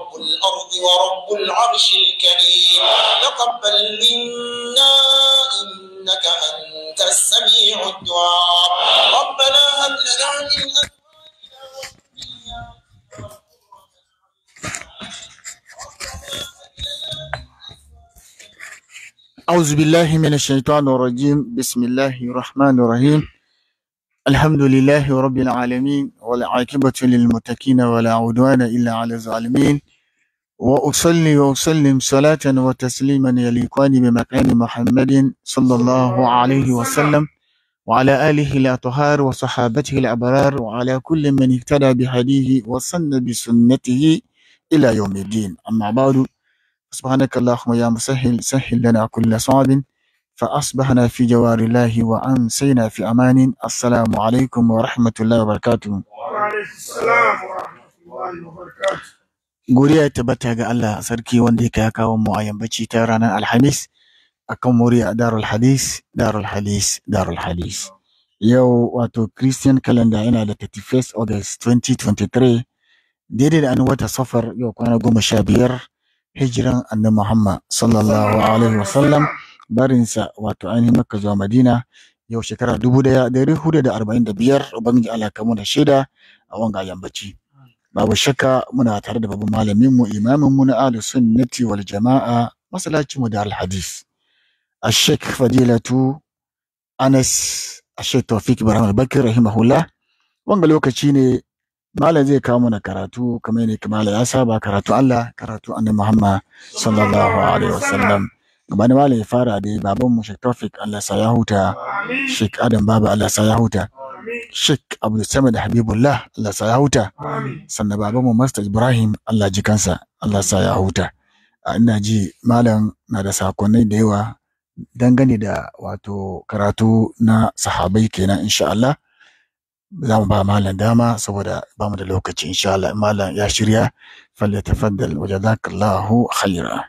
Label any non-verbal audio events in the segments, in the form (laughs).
رب الأرض ورب العرش الكريم تقبل منا إنك أنت السميع الدعاء ربنا هب لنا من أعوذ بالله من الشيطان الرجيم بسم الله الرحمن الرحيم الحمد لله رب العالمين والعاقبة للمتقين ولا عدوان إلا على الظالمين وأصلي وأسلم صلاة وتسليما يليقان بمكان محمد صلى الله عليه وسلم وعلى آله الأطهار وصحابته الأبرار وعلى كل من اهتدى بهديه وسن بسنته إلى يوم الدين أما بعد سبحانك اللهم يا مسهل سهل لنا كل صعب فأصبحنا في جوار الله وأنسينا في أمان السلام عليكم ورحمة الله وبركاته وعليكم السلام ورحمة الله وبركاته Godiya ya tabbata ga Allah sarki wanda ya kawo mu a yambaci ta ranar Alhamis akan murya Darul Hadis, Darul Hadis, Darul Hadis. Yau wato Christian calendar yana da 31 August 2023 daidai da an wata safar yau kwana goma sha biyar hijiran annabi Muhammad sallallahu alaihi sallam barinsa wato ainihin maka zuwa Madina yau shekara dubu ɗaya hudu da arba'in da biyar ubangiji Allah kamu da shaida a wanga yambaci. babu shakka muna tare da babu malamin mu imamin mu na ahlus sunnati wal jama'a masallacin mu da alhadis. hadith الشيخ Fadilatu, Anas Ashe Tawfik Ibrahim Bakir rahimahullah wanga lokaci ne malam zai kawo mana karatu kamar ne kamala ya saba karatu Allah karatu annabi Muhammad sallallahu alaihi wasallam gabanin malam ya fara da baban mu Sheikh Tawfik Allah sa ya huta Sheikh Adam Baba Allah sa ya huta Sheikh Abdul Samad Habibullah Allah sa ya huta sannan babanmu mu Master Ibrahim Allah ji kansa Allah sa ya huta ina ji malam na da sakonni da yawa dangane da wato karatu na sahabai kenan insha Allah za mu ba malam dama saboda ba mu da lokaci insha Allah malam ya shirya falyatafaddal wa jazakallahu khaira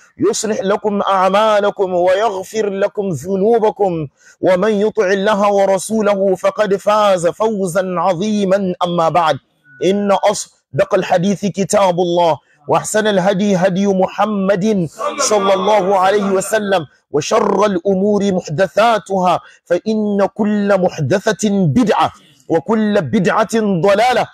يصلح لكم أعمالكم ويغفر لكم ذنوبكم ومن يطع الله ورسوله فقد فاز فوزا عظيما أما بعد إن أصدق الحديث كتاب الله وأحسن الهدي هدي محمد صلى الله عليه وسلم وشر الأمور محدثاتها فإن كل محدثة بدعة وكل بدعة ضلالة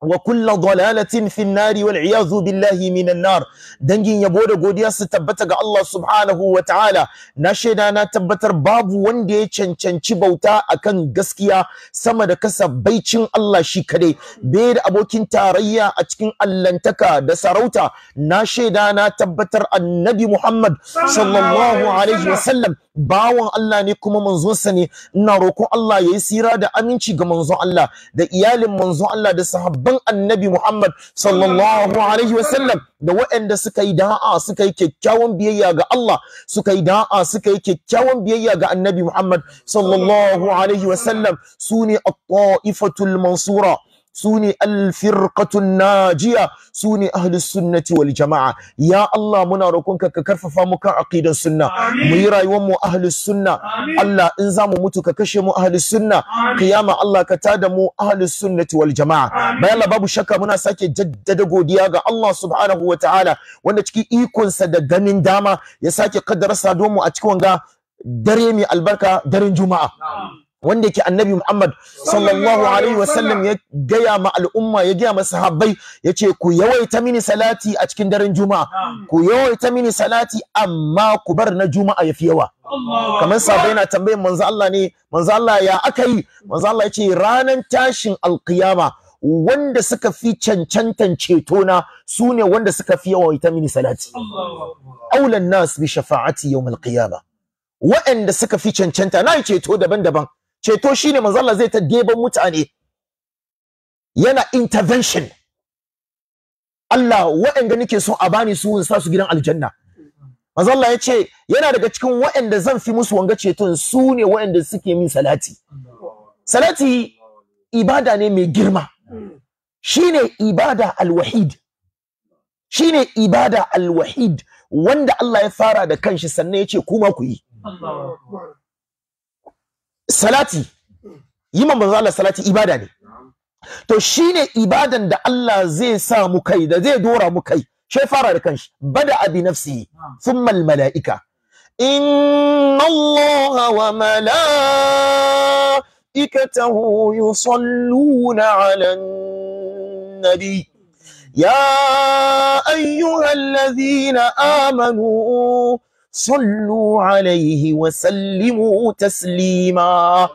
wa kullu dalalatin fi nari wal iyazu billahi minan nar dangin yabo da godiya su tabbata ga Allah subhanahu wa ta'ala na shaida na tabbatar babu wanda ya cancanci bauta akan gaskiya sama da kasa baicin Allah shi kadai bai da abokin tarayya a cikin allantaka da sarauta na shaida na tabbatar annabi Muhammad sallallahu alaihi wa sallam bawan Allah ne kuma manzonsa ne ina roƙon Allah yayi sira da aminci ga manzon Allah da iyalin manzon Allah da sahaba. sahabban annabi Muhammad sallallahu alaihi wasallam da waɗanda suka yi da'a suka yi kyakkyawan biyayya ga Allah suka yi da'a suka yi kyakkyawan biyayya ga annabi Muhammad sallallahu alaihi wasallam su ne at-ta'ifatul mansura Sune ne na najiya su ne sunnati wal jama'a ya Allah muna roƙonka ka karfafa mu kan akidan sunna mu yi rayuwar mu ahlus sunna Allah in za mu mutu ka kashe mu ahlus sunna kiyama Allah ka tada mu ahlus sunnati wal jama'a bayan babu shakka muna sake jaddada godiya ga Allah subhanahu wa ta'ala wanda cikin ikonsa da ganin dama ya sake kaddara saduwar mu a cikin wanga dare mai albarka daren juma'a wanda yake annabi Muhammad sallallahu alaihi wasallam ya gaya ma al'umma ya gaya ma sahabbai ya ce ku yawaita mini salati a cikin daren juma'a ku yawaita mini salati amma ku bar na juma'a ya fi yawa kamar sahabbai na tambayin manzo Allah ne manzo Allah ya aka yi manzo Allah ya ce ranan tashin alkiyama wanda suka fi cancantan cetona su ne wanda suka fi yawaita mini salati aulan nas bi shafa'ati yawm alqiyama waɗanda suka fi cancanta na ceto daban-daban ceto shine manzo Allah zai ta deban mutane yana intervention Allah waɗanda nake so a bani su in sa su gidan aljanna manzo Allah ya yana daga cikin waɗanda zan fi musu wanga ceton su ne waɗanda suke min salati salati ibada ne mai girma shine ibada alwahid shine ibada alwahid wanda Allah ya fara da kanshi sannan yace kuma ku yi salati yi man manzo Allah salati ibada ne to shine ibadan da Allah zai sa mu kai da zai dora mu kai shi fara da kanshi bada abi nafsi thumma al malaika inna Allah wa malaikatahu yusalluna ala nabi يا أيها الذين آمنوا صلوا عليه وسلموا تسليما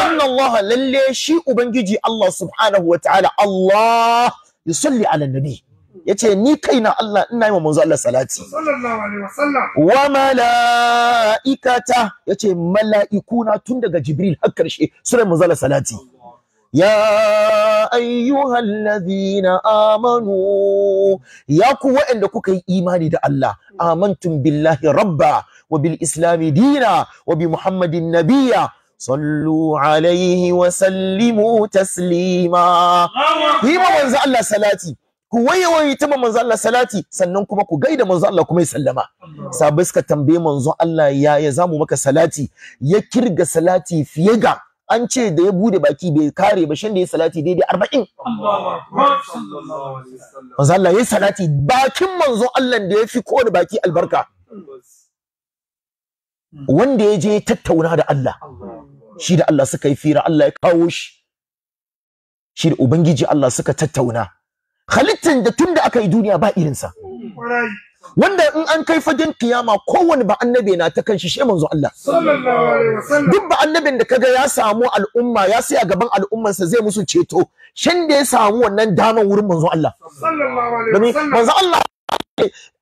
إن الله للي شيء بنجي الله سبحانه وتعالى الله يصلي على النبي yace ni kaina Allah ina yi wa manzo salati wa malaikata yace mala'ikuna tun daga jibril har karshe sura manzo Allah salati ya ayyuhal ladhina amanu ya ku waɗanda kuka yi imani da Allah Amantun billahi rabba wa bil dina wa muhammadin nabiyya sallu alaihi wa sallimu taslima yi ma manzo Allah salati ku wayewaye ta manzo Allah salati sannan kuma ku gaida manzo Allah kuma ya sallama sabai suka tambaye manzo Allah ya ya zamu maka salati ya kirga salati fiye ga an ce da ya bude baki bai kare ba shan da ya salati daidai arba'in manzo Allah ya salati bakin manzo Allah da ya fi kowane baki albarka wanda ya je tattauna da Allah shi da Allah suka yi fira Allah ya kawo shi shi da ubangiji Allah suka tattauna halittan da tun da aka yi duniya ba irinsa wanda in an kai fagen kiyama kowane ba annabi na ta kanshi shi manzo Allah duk ba annabin da kaga ya samu al'umma ya sai a gaban al'ummansa zai musu ceto shin da ya samu wannan daman wurin manzo Allah manzo Allah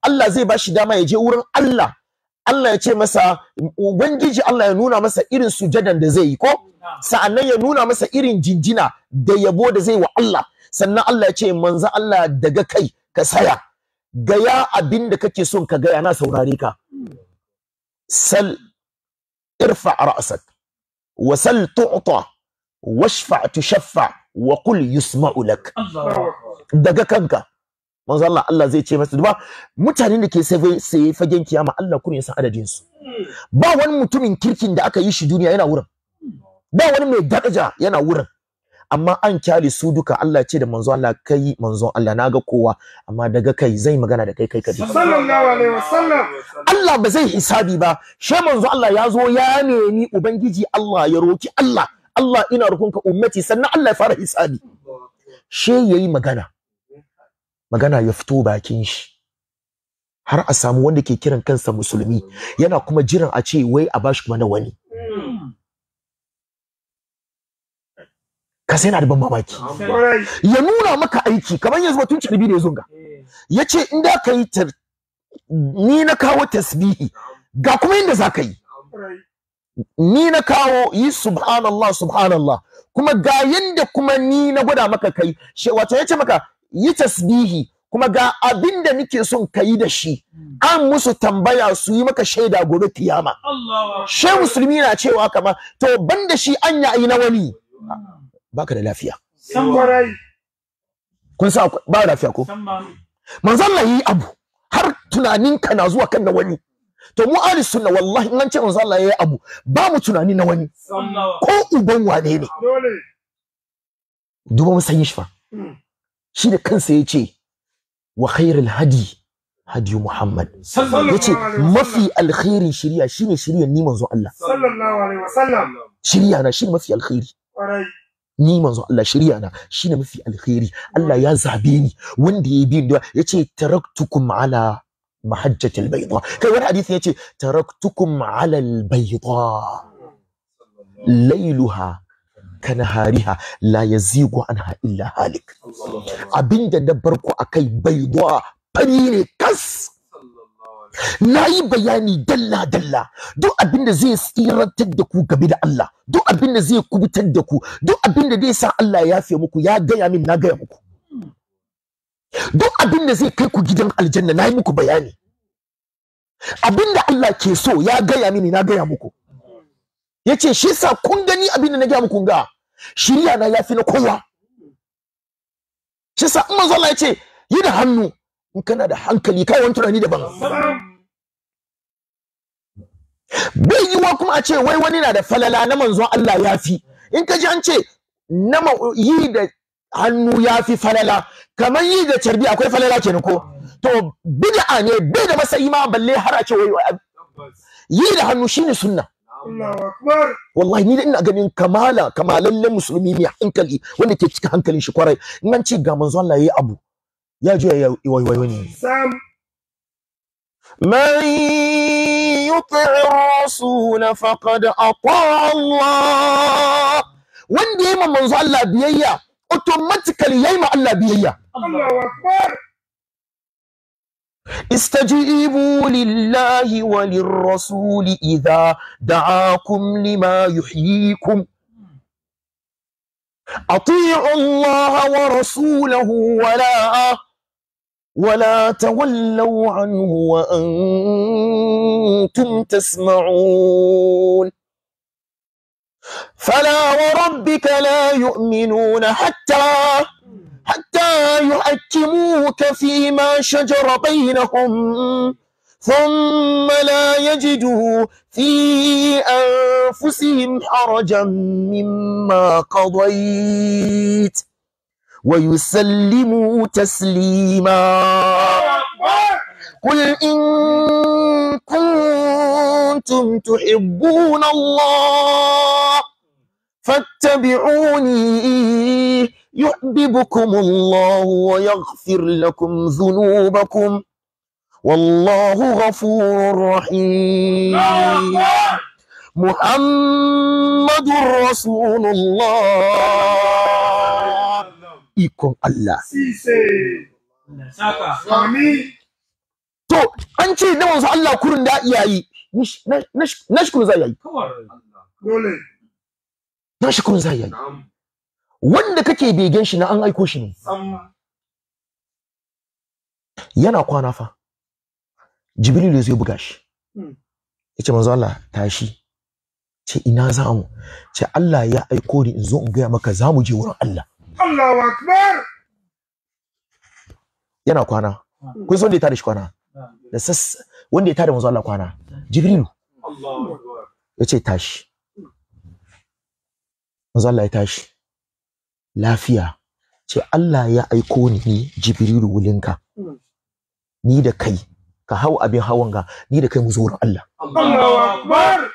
Allah zai bashi dama ya je wurin Allah Allah ya ce masa ubangiji Allah ya nuna masa irin sujadan da zai yi ko sa'annan ya nuna masa irin jinjina da yabo da zai wa Allah sannan Allah ya ce manzo Allah daga kai ka saya gaya abin da kake son ka gaya na saurare ka sal irfa ra'sak wa sal tu'ta washfa tushaffa wa qul yusma'u lak daga kanka manzo Allah Allah zai ce masa duba mutanen da ke sai fagen kiyama Allah kurin san adadin su ba wani mutumin kirkin da aka yi shi duniya yana wurin ba wani mai daraja yana wurin amma an kyale su duka Allah ce da manzo Allah kai manzo Allah naga kowa amma daga kai zai magana da kai kai kadi sallallahu alaihi wasallam Allah ba zai hisabi ba she manzo Allah ya zo ya nemi ubangiji Allah ya roki Allah Allah ina rukun ka ummati sannan Allah ya fara hisabi she yayi magana magana ya fito bakin shi har a samu wanda ke kiran kansa musulmi yana kuma jiran a ce wai a bashi kuma na wani ka sai yana da ban mamaki ya nuna maka aiki kamar yanzu batun carbi da ya zunga eh. ya ce in da ka yi ni na kawo tasbihi ga kuma yadda za ka yi ni na kawo yi subhanallah subhanallah kuma ga yadda kuma ni na gwada maka kai wato ya ce maka yi tasbihi kuma ga abin da nake son ka yi da shi hmm. an musu tambaya su yi maka shaida gobe kiyama she musulmi na cewa kama to banda shi an yi na wani baka da lafiya kun sa ba lafiya ko manzon Allah yi abu har tunaninka na zuwa kan na wani to mu ahli sunna wallahi in an ce manzon Allah yi abu ba mu tunani na wani ko uban wane ne duba musan shi fa hmm. shi da kansa ya ce wa khairul hadi hadi Muhammad yace mafi alkhairin shiriya shine shiriyar ni manzon Allah sallallahu alaihi wasallam shiriya na shine mafi alkhairi ni manzo Allah shirya na shine mafi alkhairi Allah ya zabe ni wanda ya bi da yace taraktukum ala mahajjati albayda kai wani hadisi yace taraktukum ala albayda lailuha hariha la yazigu anha illa halik abinda na barku akai bayda fari ne kas na yi bayani dalla dalla duk abin da zai tsirantar da ku gabi da Allah duk abin da zai kubutar da ku duk abin da zai sa Allah ya yafe muku ya gaya min na gaya muku duk abin da zai kai ku gidan aljanna na yi muku bayani abin da Allah ke so ya gaya mini na gaya muku yace shi sa kun gani abin da na gaya muku ga shirya na yafi na kowa shi sa in manzo Allah yace yi da hannu in kana da hankali kai wani tunani daban bai yi wa kuma a ce wai wani na da falala na manzo Allah ya fi in ka ji an ce na yi da hannu ya fi falala kamar yi da carbi akwai falala kenan ko to bid'a ne bai da masayi ma balle har a ce wai yi da hannu shine sunna wallahi ni da ina ganin kamala kamalallen musulmi mai hankali wanda ke cikin hankalin shi kwarai in an ce ga manzo Allah yayi abu يا جو يا وي وي وي سام من يطع الرسول فقد اطاع الله وين دي ما من صلى بيا اوتوماتيكلي يا ما الله بيا الله اكبر استجيبوا لله وللرسول اذا دعاكم لما يحييكم اطيعوا الله ورسوله ولا أه ولا تولوا عنه وأنتم تسمعون فلا وربك لا يؤمنون حتى حتى يحكموك فيما شجر بينهم ثم لا يجدوا في أنفسهم حرجا مما قضيت ويسلموا تسليما قل إن كنتم تحبون الله فاتبعوني يحببكم الله ويغفر لكم ذنوبكم والله غفور رحيم محمد رسول الله ikon Allah. To, an ce na Allah kurin da iya yi, na shi kurin za yi. Na shi kurin za yi. Wanda kake begen shi na an aiko shi ne. Yana kwana fa. Jibrilu zai buga shi. Hmm. Ya ce manzo Allah tashi. Ce ina zamu? mu? Ce Allah ya aiko ni in zo in gaya maka za mu je wurin Allah. Allahu akbar yana kwana kun san da ya tada shi kwana da sassa wanda ya tada manzo Allah kwana Jibrilu Allahu akbar yace tashi manzo Allah ya tashi lafiya ce Allah ya aiko ni Jibrilu wulinka ni da kai ka hau abin hawan ga ni da kai mu zo Allah Allahu akbar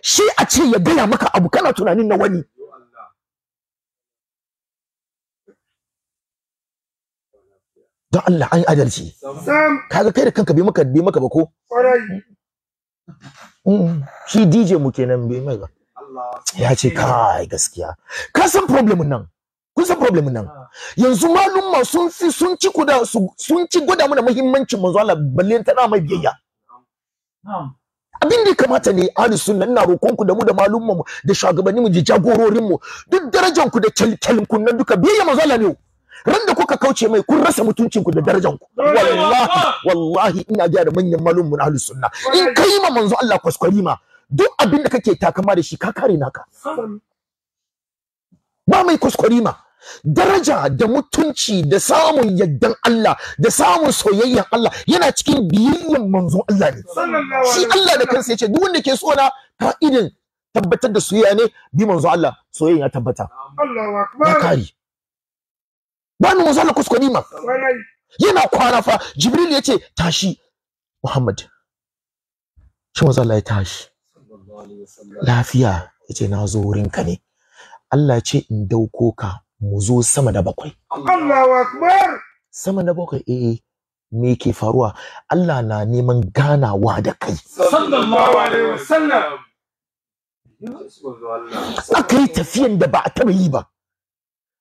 shi a ce ya gaya maka abu kana tunanin na wani don Allah an adalci kaga kai da kanka bai maka bai maka ba ko mm. shi DJ mu kenan bai mai ba ya ce kai gaskiya ka san problem nan kun san problem nan yanzu malumma sun fi sun ci kuda sun ci gwada mana muhimmancin manzo Allah balle ta na mai biyayya abin da ya kamata ne ahli sunna ina roƙon ku da mu da malumma mu da shugabanni mu da jagororin mu duk darajar ku da kyalkyalin ku nan duka biyayya manzo Allah ne Randa da kuka kauce mai kun rasa mutuncin ku da darajar ku wallahi wallahi ina ga da manyan malum mun ahlus sunna in kai ma manzo Allah kwaskwari ma duk abin da kake takama da shi ka kare naka ba mai kwaskwari ma daraja da mutunci da samun yaddan Allah da samun soyayyan Allah yana cikin biyayyen manzo Allah ne shi Allah da kansa yace duk wanda ke so na ka idin tabbatar da soyayya ne bi manzo Allah soyayya ya tabbata Allahu akbar ba mu manzo Allah kuskure yana kwana fa jibril ya ce tashi muhammad shi manzo Allah ya tashi lafiya ya ce na zo wurin ka ne Allah ce in dauko ka mu zo sama da bakwai Allahu akbar sama da bakwai eh me ke faruwa Allah na neman ganawa da kai sallallahu alaihi wasallam aka tafiyan da ba a taba yi ba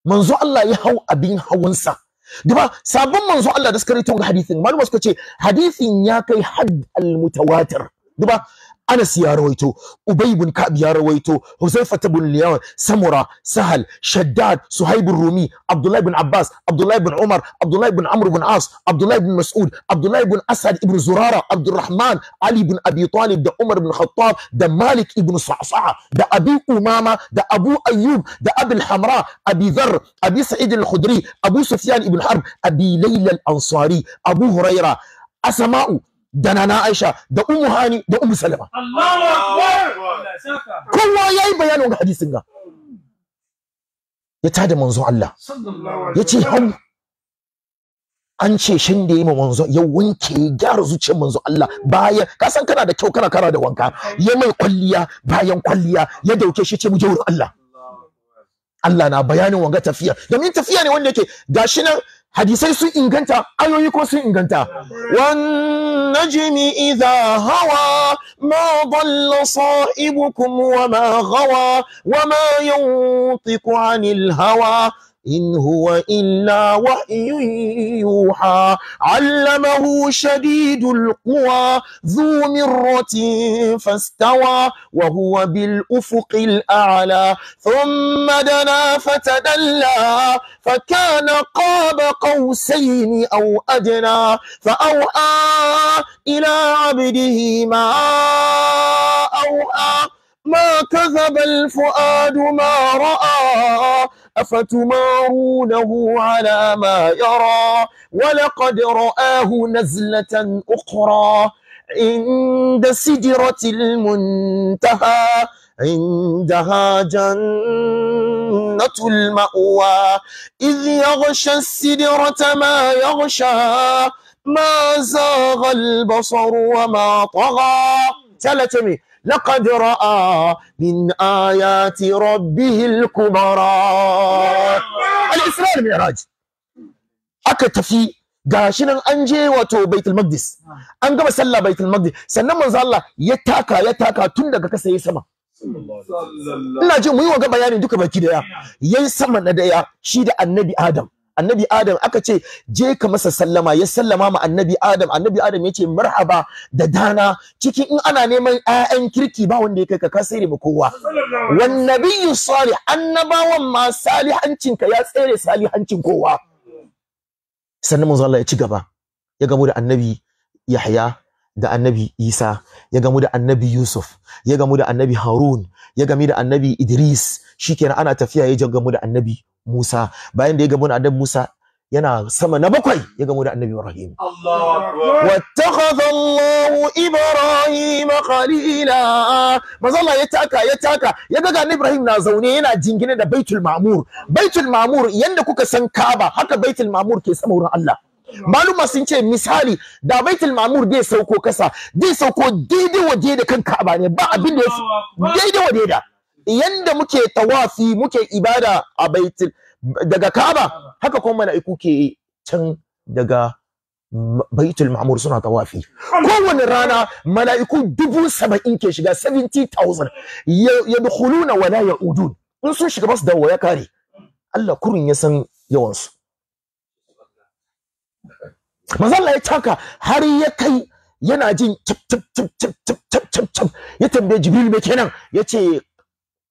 manzo Allah ya hau abin hawansa duba sabon manzo Allah da suka rito ga hadisin malama suka ce hadisin ya kai hadd al mutawatir duba أنس يا رويتو أبي بن كعب يا رويتو حذيفة بن اليمان سمرة سهل شداد صهيب الرومي عبد الله بن عباس عبد الله بن عمر عبد الله بن عمرو بن عاص عبد الله بن مسعود عبد الله بن أسعد بن زرارة عبد الرحمن علي بن أبي طالب ده عمر بن الخطاب ده مالك بن صعصعة ده أبي أمامة ده أبو أيوب ده أبي الحمراء أبي ذر أبي سعيد الخدري أبو سفيان بن حرب أبي ليلى الأنصاري أبو هريرة أسماء da nana aisha da ummu hani da ummu salama Allahu akbar kowa yayi bayanin ga hadisin ga ya tada manzo Allah ya ce hau an ce shin da yi manzo ya wanke ya gyara zuciyar manzo Allah bayan ka san kana da kyau kana kara da wanka ya mai kwalliya bayan kwalliya ya dauke shi ce mu jawar Allah Allah na bayanin wanga tafiya domin tafiya ne wanda yake gashi nan hadisai sun inganta ayoyi ko sun inganta wan najmi idha hawa ma dalla sa'ibukum wa ma ghawa wa ma yantiqu anil hawa إن هو إلا وحي يوحى علمه شديد القوى ذو مرة فاستوى وهو بالأفق الأعلى ثم دنا فتدلى فكان قاب قوسين أو أدنى فأوحى إلى عبده ما أوحى ما كذب الفؤاد ما رأى أفتمارونه على ما يرى ولقد رآه نزلة أخرى عند سدرة المنتهى عندها جنة المأوى إذ يغشى السدرة ما يغشى ما زاغ البصر وما طغى تلتمي لقد رأى من آيات ربه الكبرى الإسراء المعراج aka tafi gashi nan an je wato Baitul Maqdis an gama sallah Baitul Maqdis sannan manzo Allah ya taka ya taka tun daga kasa yayi sama ina ji mu wa ga bayani duka baki daya yayi sama na daya shi da Annabi Adam annabi adam aka ce je ka masa sallama ya sallama ma annabi adam annabi adam ya ce marhaba da dana cikin in ana neman 'ya'yan kirki ba wanda ya kai ka ka tsere ma kowa wan nabiyyu salih annabawan ma salihancin ka ya tsere salihancin kowa sannan manzo Allah ya ci gaba ya gamu da annabi Yahya da annabi Isa ya gamu da annabi Yusuf ya gamu da annabi Harun ya gami da annabi Idris shikenan ana tafiya ya gamu da annabi Musa bayan da ya gamu da annabi Musa yana sama na bakwai ya gamu da annabi Ibrahim Allahu Ibrahim khalila manzo Allah ya taka ya taka ya ga annabi Ibrahim na zaune yana jingine da Baitul Ma'mur Baitul Ma'mur yanda kuka san Kaaba haka Baitul Ma'mur ke sama wurin Allah maluma sun ce misali da baitul mamur zai sauko kasa dai sauko daidai waje da kan ka'aba ne ba abin da daidai waje da yanda muke tawafi muke ibada a baitul daga ka'aba haka kuma mala'iku ke can daga baitul ma'mur suna tawafi kowane rana mala'iku dubu saba'in ke shiga 70,000 ya dukhuluna wala ya udun in sun shiga basu dawo ya kare Allah kurin ya san yawansu mazalla ya caka har ya kai yana jin cip cip cip cip cip cip cip cip ya tambaye jibril me kenan yace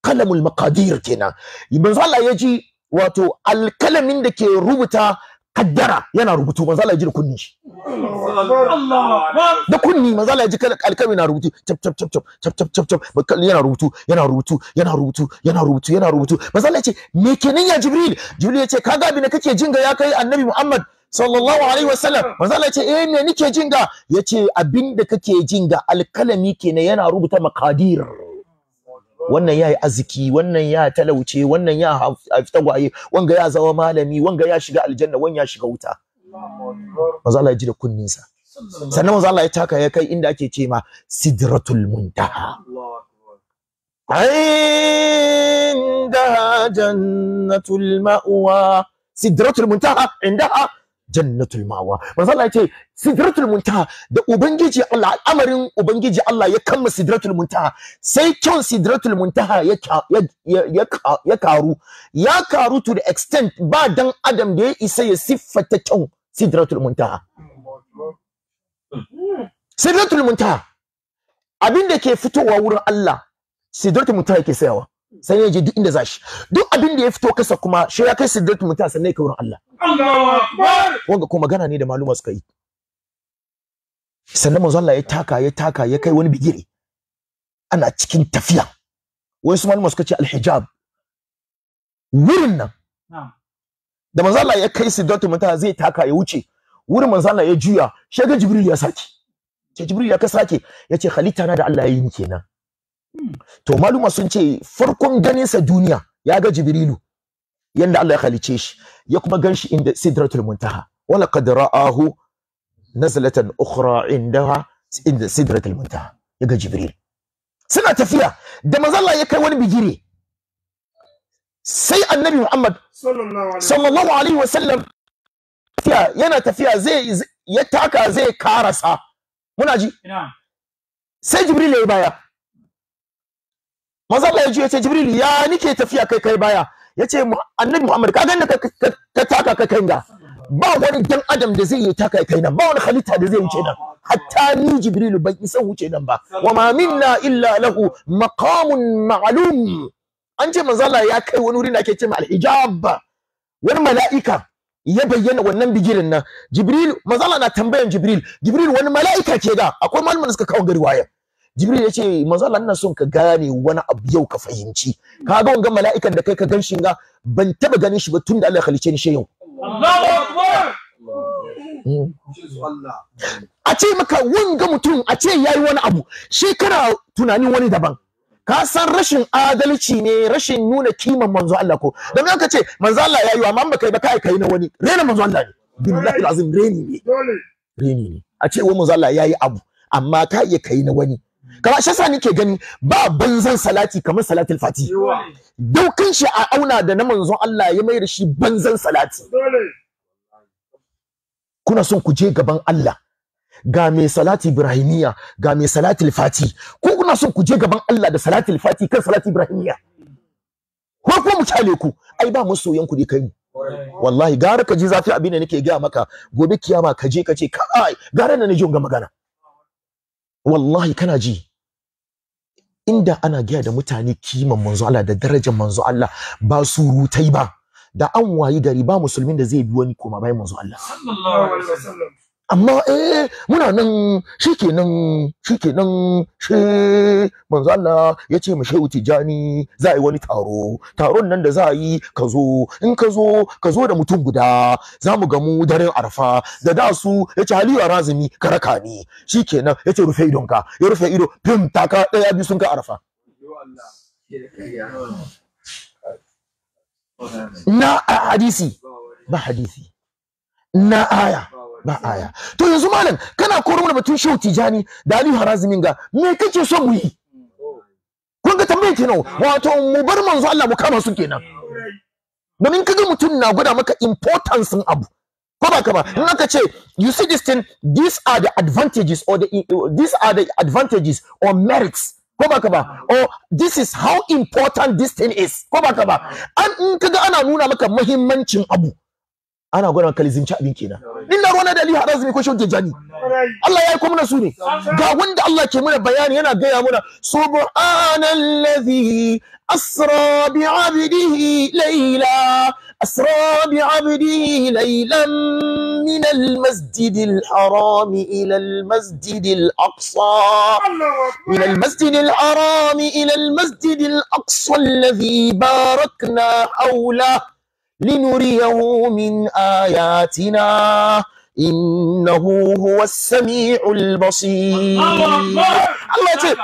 kalamul maqadir kenan manzo Allah ya ji wato alkalamin da ke rubuta kaddara yana rubutu manzo Allah ya ji da kunni shi da kunni manzo Allah ya ji alkalami na rubutu cap cap cap cap cap cap cap cap yana rubutu yana rubutu yana rubutu yana rubutu yana rubutu manzo Allah ya ce me kenan ya jibril jibril ya ce kaga abin da kake jin ga ya kai annabi muhammad sallallahu alaihi wasallam manzo Allah ya ce eh me nike jin ga yace abinda kake jin ga alkalami kenan yana rubuta makadir wannan ya yi aziki, wannan ya talauce wannan ya fita waye wanga ya zama malami wanga ya shiga aljanna wanga ya shiga wuta manzo Allah ya ji da kunninsa sannan manzo Allah ya taka ya kai inda ake ce ma sidratul muntaha عندها jannatul ma'wa sidratul muntaha indaha jannatul mawa manzo Allah yace sidratul muntaha da ubangiji Allah al'amarin ubangiji Allah ya kama sidratul muntaha sai kyon sidratul muntaha ya ya ya karu ya karu to the extent ba dan adam da ya isa ya siffata kyon sidratul muntaha sidratul muntaha abin ke fitowa wurin Allah sidratul muntaha yake sayawa sai ya je duk inda zashi duk abin da ya fito kasa kuma shi ya kai sidratul muntaha sannan ya kai wurin Allah Allahu akbar wanga ko magana ne da maluma suka yi sannan manzo Allah ya taka ya taka ya kai wani bigire ana cikin tafiya su maluma suka ce alhijab wurin nan da manzo Allah ya kai sidratul muntaha zai taka ya wuce wurin manzo Allah ya juya shi ga jibril ya saki ce jibril ya ka sake yace halitta na da Allah ya yi kenan to maluma sun ce farkon ganinsa duniya ya ga jibrilu yanda Allah ya halice shi ya kuma ganshi inda sidratul muntaha wala qad ra'ahu nazlatan ukhra indaha inda sidratul muntaha ya ga jibril suna tafiya da manzo ya kai wani bigire sai annabi Muhammad sallallahu alaihi wasallam yana tafiya zai ya taka zai karasa muna ji sai jibril ya baya manzo Allah ya ji yace Jibril ya nike tafiya kai kai baya yace annabi Muhammad ka ganda ka taka ka kanga ba wani dan adam da zai yi taka kai nan ba wani halitta da zai wuce nan hatta ni Jibril ban isa wuce nan ba wa ma minna illa lahu maqamun ma'lum an ce manzo Allah ya kai wani wuri da ake ce al-hijab wani mala'ika ya bayyana wannan bigirin nan Jibril manzo Allah na tambayan Jibril Jibril wani mala'ika ke da akwai malamin da suka kawo gari waya jibril yace manzo Allah ina son ka gane wani abu yau ka fahimci ka ga wannan mala'ikan da kai ka ganshi ga ban taba ganin shi ba tun da Allah ya halice ni shi yau Allahu akbar hmm. a ce maka wanga mutum a ce yayi wani abu shi kana tunanin wani daban ka san rashin adalci ne rashin nuna kiman manzo Allah ko dan haka ce manzo Allah yayi amma ba yi ba kai kai na wani rena manzo Allah ne billahi alazim reni ne reni ne a ce wa manzo Allah yayi abu amma ka iya kai na wani kama shi yasa nake gani ba banzan salati kamar salatul fati daukan shi a auna da na manzon Allah ya mai da shi banzan salati kuna son ku je gaban Allah ga mai salati ibrahimiya ga mai salatul fati ko kuna son ku je gaban Allah da salatul fati kan salati ibrahimiya ko ku mu tale ku ai ba mu soyan ku dai kai wallahi gara ka ji zafi abin da nake gaya maka gobe kiyama ka je ka ce kai gara na ne ga magana wallahi kana ji inda ana gaya da mutane kiman manzo Allah da darajar manzo Allah ba su rutai ba da an wayi gari ba musulmin da zai bi wani koma bayan manzo Allah sallallahu alaihi wasallam amma eh muna nan shikenan shikenan shi manzo Allah ya ce mu shehu tijani za a yi wani taro taron nan da za a yi ka zo in ka zo ka zo da mutum guda za mu gamu daren arfa da da su ya ce haliyu arazumi ka raka ni shikenan ya ce rufe idonka ya rufe ido fim taka ɗaya biyu sun ka arfa na hadisi ba hadisi na aya ba aya to yanzu malam kana koro mana batun shehu tijani da aliyu harazimin ga me kake so mu yi kun ga tambayar kenan wato mu bar manzo Allah mu kama su kenan domin kaga mutum na gwada maka importance abu ko ba ka ba in aka ce you see this thing these are the advantages or the these are the advantages or merits ko ba ka ba or this is how important this thing is ko ba ka ba an in kaga ana nuna maka muhimmancin abu ana gwada maka lizimci abin kenan inna ruwana da ali harazmi ko shau tijani Allah ya yi kuma su ne ga wanda Allah ke muna bayani yana gaya muna subhanallazi asra bi abdihi layla asra bi abdihi laylan من المسجد الحرام إلى المسجد الأقصى من المسجد الحرام إلى المسجد الأقصى alladhi barakna حوله لنريه من آياتنا إنه هو السميع البصير الله يقول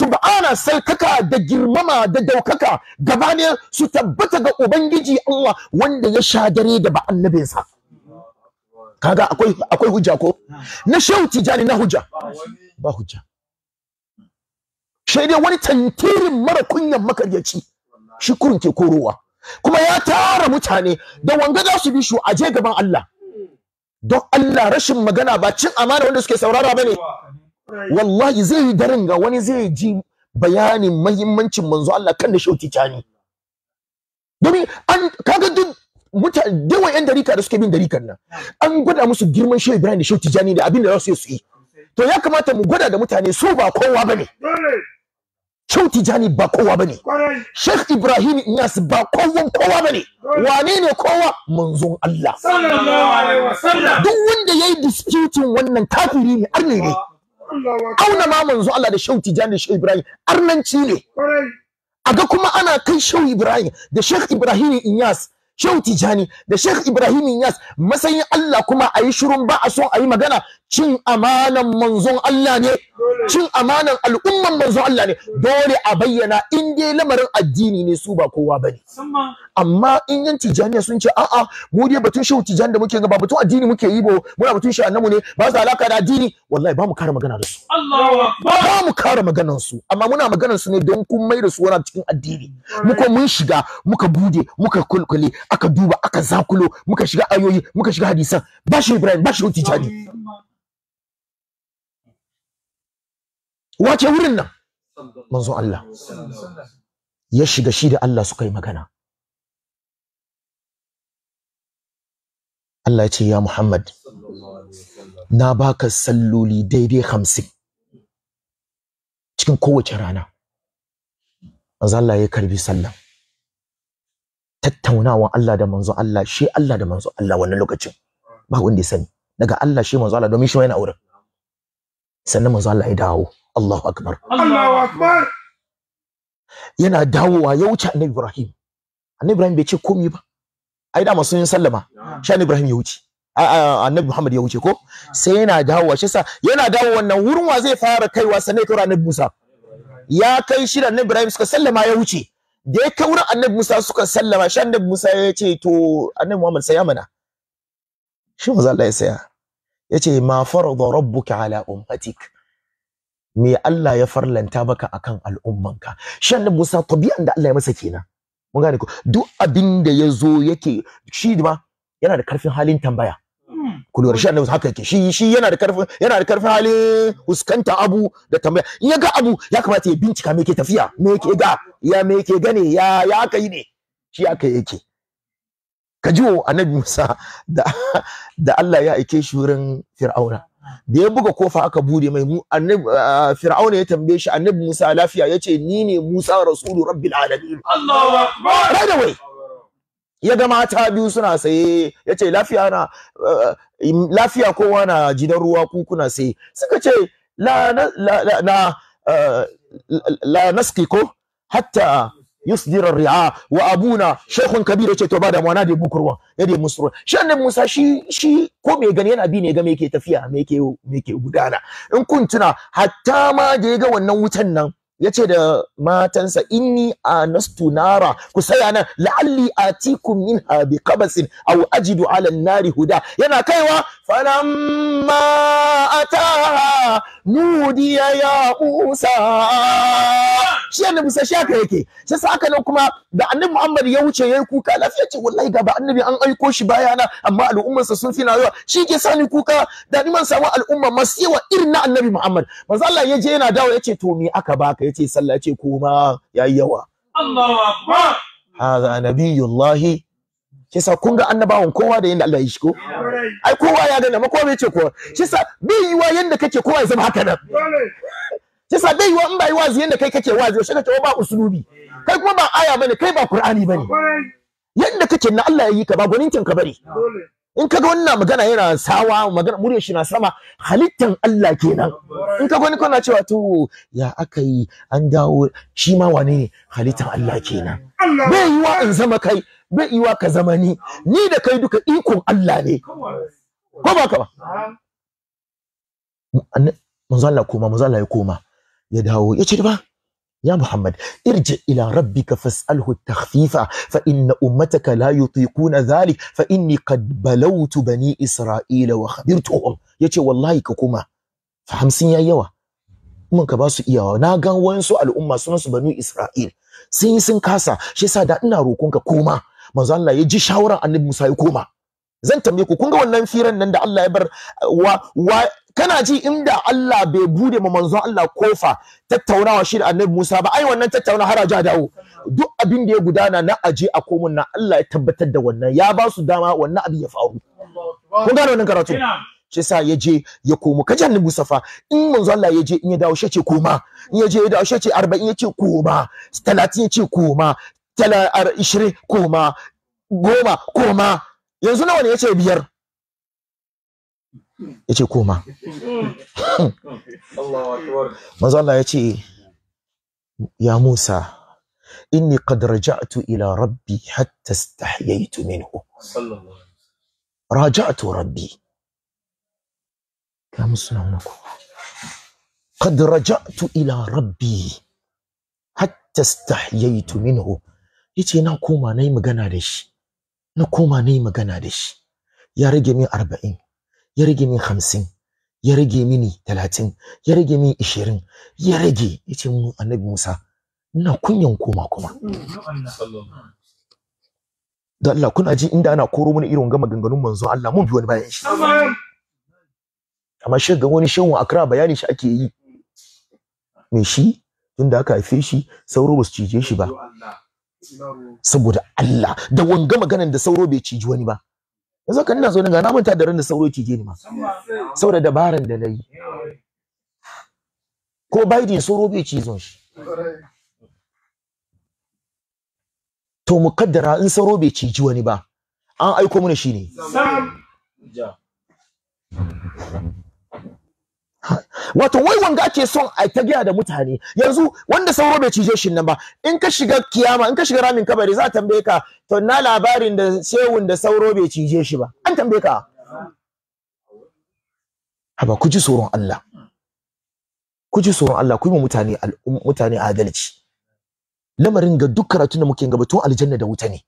subhana sarkaka da girmama da daukaka ne su tabbata ga ubangiji Allah wanda ya shadare da ba annabinsa kaga akwai akwai hujja ko na shehu tijani na hujja ba hujja shaidai wani tantirin mara kunyan makaryaci shi kurin ke korowa kuma ya tara mutane da wanga za su bi shi a je gaban Allah don Allah rashin magana ba cin amana wanda suke saurara ba ne? wallahi zai yi darin ga wani zai ji bayanin mahimmancin manzo Allah kan da shauki tani domin an kaga duk mutane yawan yan darika da suke bin kan nan an gwada musu girman shehu Ibrahim da shehu Tijani da abin da za su yi to ya kamata mu gwada da mutane su ba kowa bane Shehu Tijani ba kowa bane. Sheikh Ibrahim Inyas ba kowan kowa bane. Wane ne kowa? Manzon Allah. Duk wanda yayi disputing wannan kafiri ne arne ne. Auna ma manzo Allah da Shehu Tijani da Ibrahim arnanci ne. A ga kuma ana kai Shehu Ibrahim da Sheikh Ibrahim Inyas Shehu Tijani da Sheikh Ibrahim Yas matsayin Allah kuma a yi shirin ba a son a yi magana cin amanan manzon Allah ne cin amanan al'umman manzon Allah ne dole a bayyana in dai lamarin addini ne su ba kowa bane amma in yan Tijani sun ce a'a mu dai batun Shehu Tijani da muke ga batun addini muke yi ba muna batun shi mu ne ba su alaka da addini wallahi ba mu kara magana da su ba mu kare maganar su amma muna maganar su ne don kun mai da su wani cikin addini muka mun shiga muka bude muka kulkule aka duba aka zakulo muka shiga ayoyi muka shiga hadisan bashi ibrahim bashi tijani wace wurin nan manzo Allah ya shiga shi da Allah suka yi magana Allah ya ce ya Muhammad na baka salloli daidai hamsin cikin kowace rana manzo Allah ya karbi sallan. tattaunawan Allah da manzo Allah shi Allah da manzo Allah wannan lokacin ba wanda ya sani daga Allah shi manzo Allah domin shi yana aure? sannan manzo Allah ya dawo Allahu akbar Allahu akbar yana dawowa ya wuce Annabi Ibrahim Annabi Ibrahim bai ce komai ba ai da masu yin sallama shi Annabi Ibrahim ya wuce Annabi Muhammad ya wuce ko sai yana dawowa shi sa yana dawo wannan wurin wa zai fara kaiwa sanai kira Annabi Musa ya kai shi da Annabi Ibrahim suka sallama ya wuce da ya kai wurin annabi Musa suka sallama shi annabi Musa ya ce to annabi Muhammad saya mana shi manzo Allah ya saya ya ce ma farada rabbuka ala ummatik me Allah ya farlanta maka akan al'ummanka shi annabi Musa tabi'an da Allah ya masa kenan mun gane ko duk abin da ya zo yake shi ma yana da karfin halin tambaya ku lura shi annabi haka yake shi shi yana da karfin yana da karfin halin huskanta abu da tambaya in ya ga abu ya kamata ya bincika me yake tafiya me yake ga ya me yake gane ya ya aka yi ne shi aka yake ka ji annabi Musa da da Allah ya aike shi wurin Fir'auna da ya buga kofa aka bude mai mu annabi Fir'auna ya tambaye shi annabi Musa lafiya yace ni ne Musa rasulu rabbil alamin Allahu akbar right away ya ga mata biyu suna saye ya ce lafiya na eh, eh, lafiya kowa na jidan ruwa ku kuna saye suka ce la na la la eh, naski ko hatta yusdira ri'a wa abuna shekhun kabir yace to ba da mwana da bukurwa ya da musuru shi annabi Musa shi shi ko me gani yana bi ne ga me yake tafiya me yake me yake gudana in kun tuna hatta ma da ya ga wannan wutan nan Ya ce da matansa inni anastu nara ku saya nan la'alli a tikun atikum habi kabasin aw ajidu ala nari huda yana kaiwa فلما أتاها نودي يا موسى shi annabi sai shi yake sai sa nan kuma da annabi Muhammad ya wuce yayi kuka lafiya ce wallahi ga ba annabi an aiko shi bayana amma al'ummar sa sun fi yawa shi ke sani kuka da ni man samu al'umma masu yawa irin na annabi Muhammad manzo Allah ya je yana dawo yace to me aka baka yace sallah yace koma yayi yawa Allahu akbar hadha nabiyullahi shi yasa kun ga annabawan kowa da yanda Allah ya shi ko ai kowa ya gane ma kowa bai ce kowa shi yasa bai yi wa yanda kake kowa ya zama haka nan shi yasa bai wa in ba yi wazi yanda kai kake wazi shi kake ba usulubi kai kuma ba aya bane kai ba qur'ani bane yanda kake na Allah ya yi ka ba gwanintin ka bari. in kaga wannan magana yana sawa magana murya shi na sama halittan Allah kenan in kaga wani kana cewa to ya aka yi an dawo shi ma wane ne halittan Allah kenan bai yi wa in zama kai bai iwa ka zama ni ni da kai duka ikon Allah ne ko ba ka ba manzo Allah koma manzo Allah ya koma ya dawo ya ce ba يا محمد ارجع إلى ربك فاسأله التخفيف فإن أمتك لا يطيقون ذلك فإني قد بلوت بني إسرائيل وخبرتهم يتي والله ككما فحمسين يا يوا من كباسو إياوا ناغان وانسو الأمة سنسو بنو إسرائيل سين سين كاسا شي سادا إنا روكونك كوما manzo Allah ya ji shawaran annabi Musa ya koma zan tambaye ku kunga wannan firan nan da Allah ya bar wa, wa kana ji inda Allah bai bude ma manzo Allah kofa tattaunawa shi da annabi Musa ba ai wannan tattauna har ja dawo duk abin da ya gudana na aje a komun na Allah ya tabbatar da wannan ya ba su dama wannan abin ya faru kun gane wannan karatu shi yaje ya je ya komo ka ji annabi Musa fa in manzo Allah ya je in ya dawo shi ce koma in ya je ya dawo shi ce 40 ya ce koma 30 ya ce koma ishirin koma goma koma yanzu nawa ne ya ce biyar ya ce koma manzo Allah ya ce ya Musa inni qad raja'tu ila rabbi hatta istahyaytu minhu raja'tu rabbi kamu suna qad raja'tu ila rabbi hatta minhu yace na koma nayi magana da shi na koma nayi magana da shi ya rage min 40 ya rage min 50 ya rage mini 30 ya rage min 20 ya rage yace mu annabi Musa ina kunyan koma kuma da Allah kuna ji inda ana koro mana irin ga maganganun manzo Allah mun bi wani bayan shi amma shi ga wani shehu akra bayani shi ake yi me shi tunda aka haife shi sauro ba su cije shi ba saboda Allah da wanga maganan da sauro bai ciji wani ba yanzu kan ina so ga na manta da ran da sauro cije ni ma saboda dabaran da nayi ko Biden sauro bai cizon shi to muqaddara in sauro bai ciji wani ba an aiko mana shi ne wato wai wanga ake son a ta gaya da mutane yanzu wanda sauro bai cije shi nan ba in ka shiga kiyama in ka shiga ramin kabari za a tambaye ka to na labarin da sewun da sauro bai cije shi ba an tambaye ka haba ku ji tsoron Allah ku ji tsoron Allah ku yi mutane mutane adalci lamarin ga duk karatun da muke gaba tun aljanna da wuta ne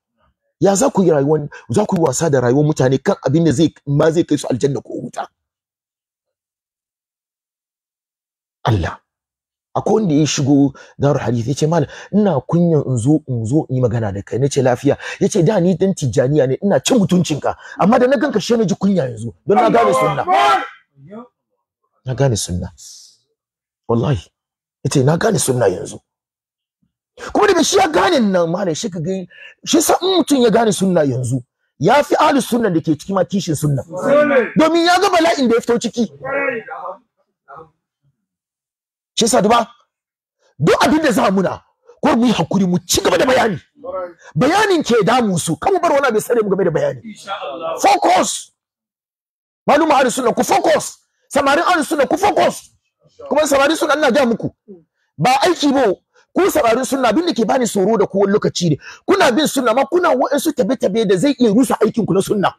ya za ku yi rayuwar za ku yi wasa da rayuwar mutane kan abin da zai ma zai kai su aljanna ko wuta Allah akwai wanda ya shigo daru hadisi yace mal ina kunyan in zo in zo yi magana da kai nace lafiya yace da ni dan tijaniya ne ina cin ka amma da na ganka shi na ji kunya yanzu don na gane sunna na gane sunna wallahi yace na gane sunna yanzu kuma daga shi ya gane nan malai shi ka gani. shi sa in mutum ya gane sunna yanzu ya fi alu sunna da ke ciki ma kishin sunna domin ya ga bala'in da ya fito ciki shi yasa duba duk abin da za na ko mu yi hakuri mu ci gaba da bayani bayanin ke damu su kan bar wani abin sare mu game da bayani focus malum ahli sunna ku focus samarin an sunna ku focus kuma samarin sunna ina ga muku ba aiki ba ku samarin sunna bin da ke bani soro da ku lokaci ne kuna bin sunna ma kuna wa'ansu tabe-tabe da zai iya rusa aikin ku na sunna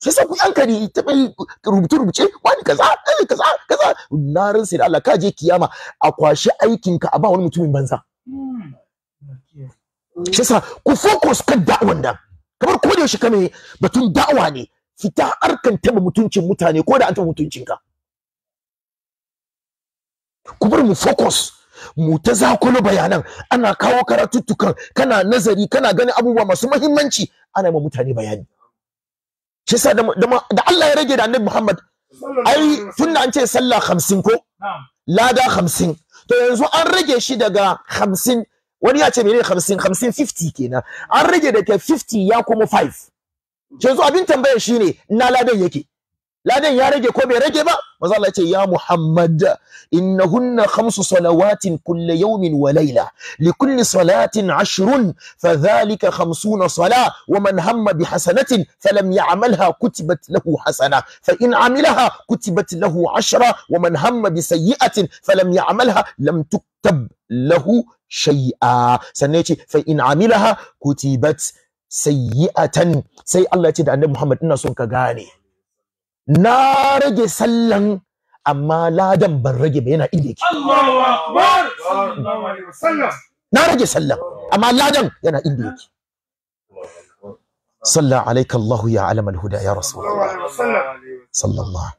sai sai ku hankali ta bai rubutu rubuce wani kaza kaza kaza na sai da Allah ka je kiyama a kwashi aikin ka a ba wani mutumin banza sai sa ku focus kan da'awan nan kamar ko da yaushe kame batun da'awa ne fita harkan taba mutuncin mutane ko da an taba mutuncin ka ku bar mu focus mu ta zakulu bayanan ana kawo karatuttukan kana nazari kana ganin abubuwa masu muhimmanci ana yi ma mutane bayani shi yasa da Allah ya rage da Annabi Muhammad ai tunda an ce sallah 50 ko lada 50 to yanzu an rage shi daga 50 wani ya ce menene 50 50 50 kenan an rage daga 50 ya kuma 5 yanzu abin tambayar shine ina ladan yake لا دين يا رجع كوبي رجع ما مازال يتي يا محمد إنهن خمس صلوات كل يوم وليلة لكل صلاة عشر فذلك خمسون صلاة ومن هم بحسنة فلم يعملها كتبت له حسنة فإن عملها كتبت له عشرة ومن هم بسيئة فلم يعملها لم تكتب له شيئا سنيتي فإن عملها كتبت سيئة سي الله يتي محمد إنه سنك غاني na rage sallan amma ladan ban rage ba yana inda yake na rage sallan amma ladan yana inda yake salla alayka ya alamal huda ya rasulullah sallallahu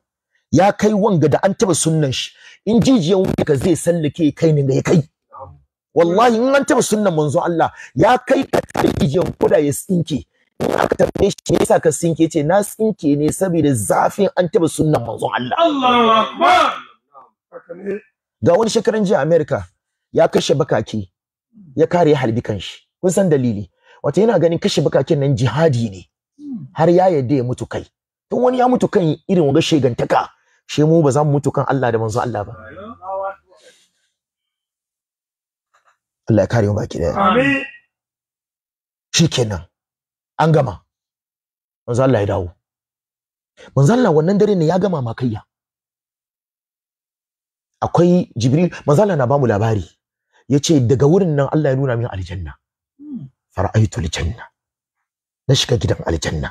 ya kai wanga da an taba sunnan shi in jijiyan wanka zai sallake kai ga ya kai wallahi in an taɓa sunnan manzo Allah ya kai ka jijiyan kuda ya tsinke aka tambaye shi me yasa ka sinke ce na tsinke ne saboda zafin an taba sunnan manzon Allah Allahu akbar ga wani shekaran jiya America ya kashe bakaki ya kare halbi kanshi kun san dalili wato yana ganin kashe bakakin nan jihadi ne har ya yadda ya mutu kai tun wani ya mutu kan irin wanga shegantaka she mu ba za mu mutu kan Allah da manzo Allah ba Allah ya kare mu baki daya amin shikenan an gama manzo Allah ya dawo manzo Allah wannan dare ne ya gama makayya akwai jibril manzo Allah na bamu labari yace daga wurin nan Allah ya nuna min aljanna hmm. fara'aytu aljanna na shiga gidan aljanna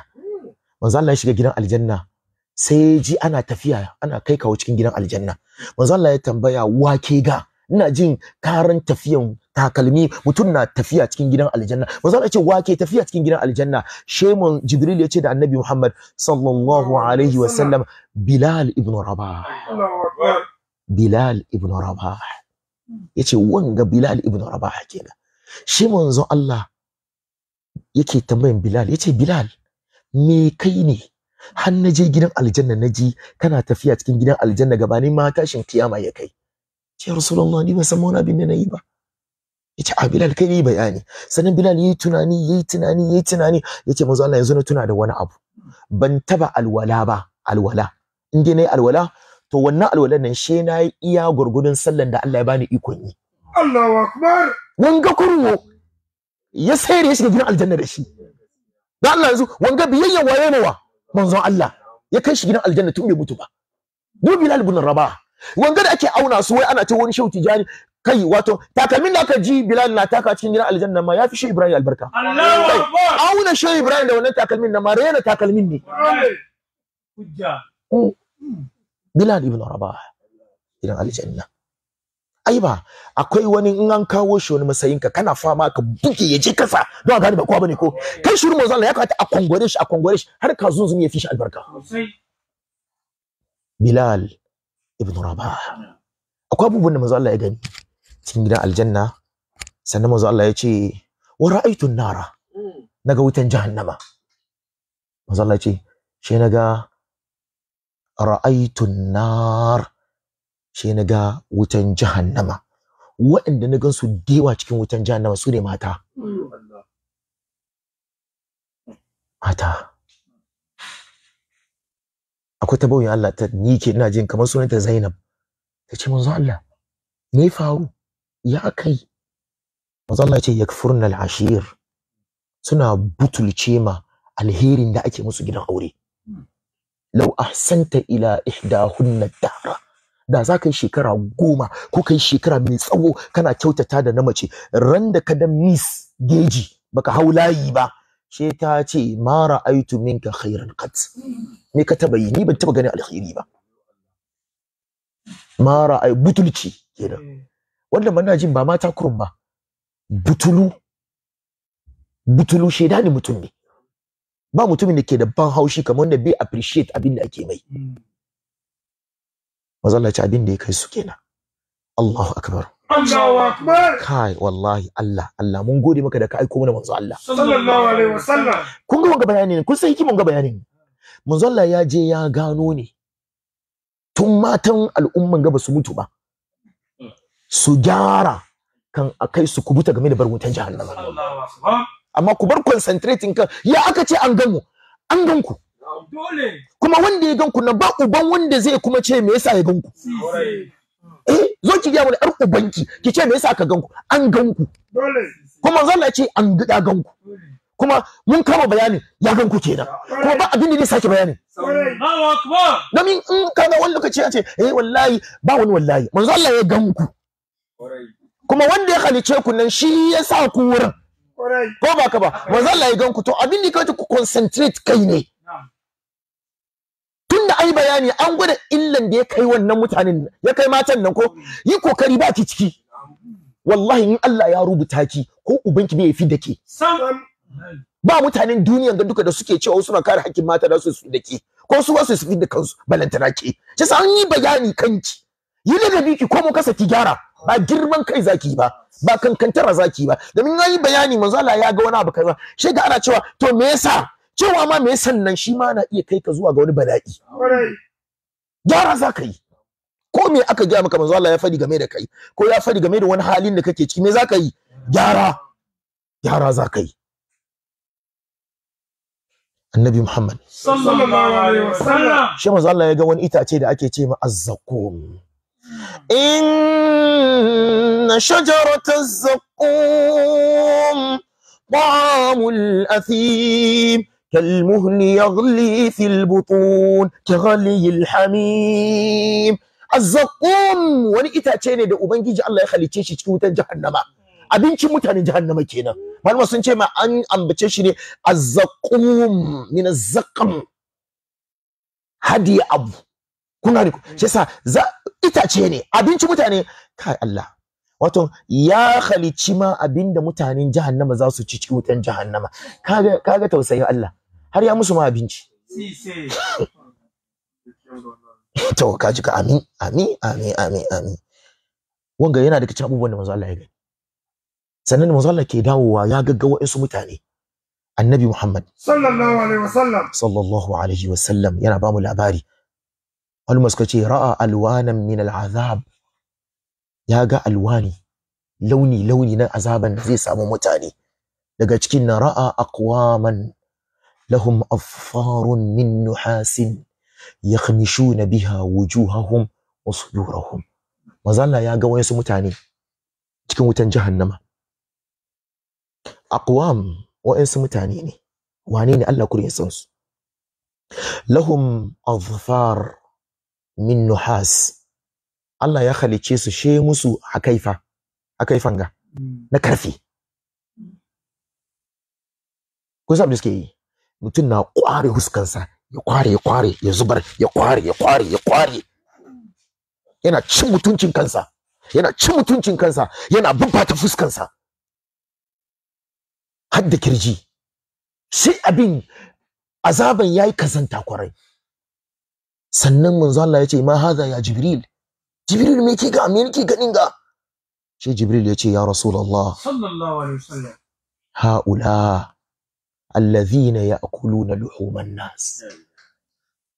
manzo Allah ya shiga gidan aljanna sai ji ana tafiya ana kai kawo cikin gidan aljanna manzo Allah ya tambaya wa ke ga ina jin karan tafiyan takalmi mutum na tafiya cikin gidan aljanna manzo Allah ce wa ke tafiya cikin gidan aljanna shemun jibril ya ce da annabi muhammad sallallahu alaihi wa sallam bilal ibn rabah bilal ibn rabah ya ce wanga bilal ibn rabah kenan shi manzo Allah yake tambayin bilal ya ce bilal me kai ne har na je gidan aljanna na ji kana tafiya cikin gidan aljanna gabanin ma tashin kiyama ya kai ce rasulullah ni ba san wani abin da na yi ba yace a ah, Bilal kai yi bayani sanan Bilal yayi tunani yayi tunani yayi tunani yace manzo Allah yanzu na tuna da wani abu ban taba alwala ba alwala in dai nayi alwala to wannan alwalan nan she nayi iya gurgudun sallan da Allah ya bani ikon yi Allahu akbar wanga kurwo ya sayar ya shiga gidan aljanna da shi da Allah yanzu wanga biyayya waye mawa manzo Allah ya kai shi gidan aljanna tun bai mutu ba dubi Bilal ibn Rabah wanga da ake auna su wai ana ta wani shauti tijani kai wato takalmin da aka ji Bilal na taka cikin gidan aljanna ma yafi shi Ibrahim albarka Allahu akbar auna shi Ibrahim da wannan takalmin na ma rena takalmin ne hujja Bilal ibn Rabah gidan aljanna ai ba akwai wani in an kawo shi wani masayin ka kana fama ka buge ya je kasa don a gane ba kowa bane ko kai shirin manzo Allah ya kamata a kongore shi a kongore shi har ka zunzun ya fi shi albarka Bilal ibn Rabah akwai abubuwan da manzo Allah ya gani cikin gidan aljanna sannan manzo Allah ya ce wa ra'aytu nara naga wutan jahannama manzo Allah ya ce shi naga ra'aytu nar shi naga wutan jahannama waɗanda na gansu dewa cikin wutan jahannama su ne mata mata akwai ta bauyin Allah ta ni ke ina jin kamar sunanta Zainab ta ce manzo Allah me faru ya kai manzo Allah yakfurna al-ashir suna butulce ma alherin da ake musu gidan aure law ahsanta ila ihdahunna dara da za ka yi shekara goma ko kai shekara mai tsawo kana kyautata da na mace ran da ka dan miss geji baka hau layi ba she ta ce mara aitu minka khairan qat me ka taba yi ni ban taba ganin alkhairi ba mara ai butulci kenan eh. wannan muna jin ba mata kurun ba butulu butulu sheda ne mutum ne ba mutumin da ke da ban haushi kamar wanda bai appreciate abin da ake mai hmm. mazallaci abin da ya kai su kenan Allahu akbar Allahu akbar kai wallahi Allah Allah mun gode maka da ka aiko mana manzo Allah sallallahu alaihi wasallam kun ga wanga ne? kun san hikimin ga ne manzo Allah ya je ya gano ne tun matan al'umman ga ba su mutu ba su gyara kan a kai su kubuta game da bar wutan jahannama amma ku bar concentrating kan ya aka ce an gan mu an gan ku kuma wanda ya gan ku na ba uban wanda zai kuma ce me yasa ya gan ku eh zo ki gaya wani ar ubanki ki ce me yasa ka gan ku an gan ku kuma zalla ce an gida gan ku kuma mun kama bayani ya gan ku kenan kuma ba abin da zai sake bayani Allahu akbar domin in kaga wani lokaci a ce eh wallahi ba wani wallahi manzo Allah ya gan ku kuma wanda ya halice ku nan shi ya sa ku wurin ko ba ka ba manzo Allah ya gan ku to abin da kawai ku concentrate kai ne tunda ai bayani an gwada illan da ya kai wannan mutanen ya kai matan nan ko yi kokari ba ki ciki wallahi in Allah ya rubuta ki ko ubanki bai fi da ba mutanen duniyan ga duka da suke cewa suna kare hakkin mata da su su dake ko su wasu su fi da kansu balantana ke sai an yi bayani kanki yi ladabi ki ko mu kasa ki gyara ba girman kai zaki ba ba kankantara zaki ba domin yayi bayani manzo Allah ya ga wani abu kaza she ga ana cewa to me yasa cewa ma me yasa nan shi ma na iya kai ka zuwa ga wani bala'i gyara za yi ko me aka gaya maka manzo Allah ya fadi game da kai ko ya fadi game da wani halin da kake ciki me za yi gyara gyara za yi annabi Muhammad sallallahu alaihi wasallam shi manzo Allah ya ga wani itace da ake ce ma azzakum إن شجرة الزقوم طعام الأثيم كالمهل يغلي في البطون كغلي الحميم الزقوم wani itace ne da ubangiji Allah ya halice shi cikin wutar jahannama abincin mutanen jahannama kenan malama sun ce ma an ambace shi ne azzaqum min azzaqam hadi abu kuna riko shi yasa za itace ne abinci mutane kai Allah wato ya halici ma abinda mutanen jahannama za su ci cikin wutan jahannama kaga kaga tausayin Allah har ya musu ma abinci (laughs) to ka ji ka amin amin amin amin amin wanga yana da cikin abubuwan da manzo Allah ya gani sannan manzo Allah ke dawowa ya gagga wa'insu mutane annabi Muhammad sallallahu alaihi wasallam sallallahu alaihi wasallam yana ba mu labari Malumar suka ce ra'a alwanan min al'azab ya ga alwani launi launi na azaban da zai samu mutane daga cikin na ra'a aqwaman lahum affarun min nuhasin yakhmishuna biha wujuhahum wa sudurahum mazalla ya ga wayansu mutane cikin wutan jahannama aqwam wayansu mutane ne wane ne Allah kurin san su lahum azfar min nuhas Allah ya halice su she musu a kaifan ga na karfi ko sabu suke yi mutum na kware huskansa ya kware ya kware ya zubar ya kware ya kware ya kware yana cin mutuncin kansa yana cin mutuncin kansa yana ta fuskansa har da kirji sai abin azaban yayi kazanta kwarai sannan manzo Allah ya ce ma haza ya jibril jibril me ke ga me yake ganin ga shi jibril ya ce ya rasulullah sallallahu alaihi wasallam haula alladhina ya'kuluna luhuman nas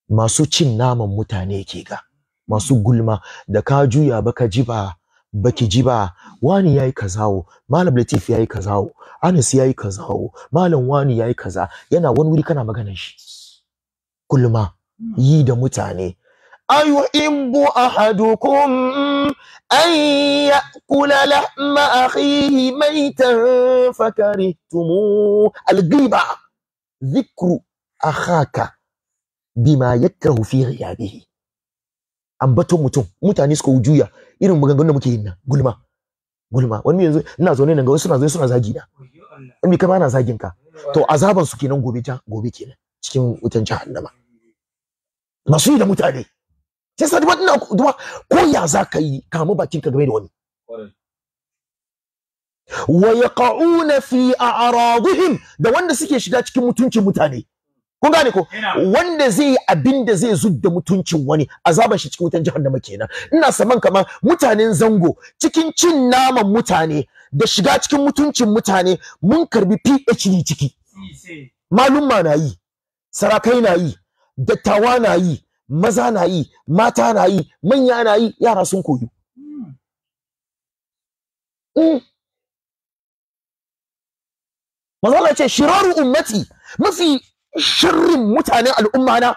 masu cin naman mutane ke ga masu gulma da ka juya baka jiba baki jiba wani yayi kazawo malam latif yayi kazawo anas yayi kazawo malam wani yayi kaza yana wani wuri kana maganar shi kulma yi da mutane أيحب أحدكم أن يأكل لحم أخيه ميتا فكرهتموه الغيبة ذكر أخاك بما يكره في غيابه ambaton mutum mutane suka wujuya irin maganganun da muke yin nan gulma gulma wani yanzu ina zaune nan ga wasu suna zaune suna zagi na wani kama na zagin ka to azaban su kenan gobe ta gobe kenan cikin wutan jahannama masu yi da mutane sai sa duba ina duba ko ya za ka yi kamu bakin ka game da wani wa yaqauna fi a'radihim da wanda suke shiga cikin mutuncin mutane kun gane ko wanda zai yi abin da zai zudda mutuncin wani azaban shi cikin wutan jahannama kenan ina saman kamar mutanen zango cikin cin naman mutane da shiga cikin mutuncin mutane mun karbi PhD ciki malumma na yi sarakai na yi dattawa na yi maza na yi mata na yi manya na yi yara sun koyo mm. Maza Allah ce shiraru ummati mafi shirin mutanen al'umma na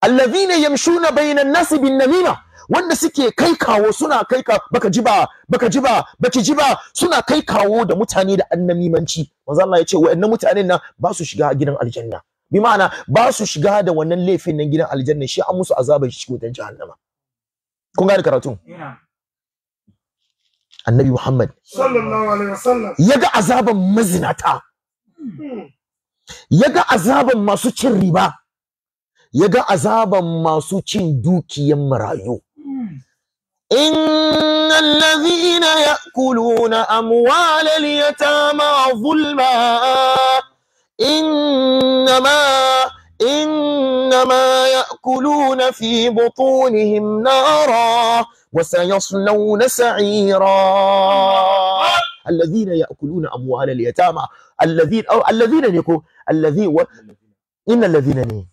allazina yamshuna bainan nasi bin namima wanda suke kai kawo suna kai ka baka jiba baka jiba baki suna kai kawo da mutane da annamimanci manzo Allah ya ce wa'annan mutanen nan ba su shiga gidan aljanna bi ma'ana ba su shiga da wannan laifin nan gidan aljanna shi an musu azaban shi cikin jahannama kun gane karatun annabi muhammad sallallahu alaihi wasallam yaga azaban mazinata yaga azaban masu cin riba yaga azaban masu cin dukiyan marayu إن الذين يأكلون أموال اليتامى ظلما إنما إنما يأكلون في بطونهم نارا وسيصلون سعيرا الذين يأكلون أموال اليتامى الذين أو الذين نكو الذي و... إن الذين ني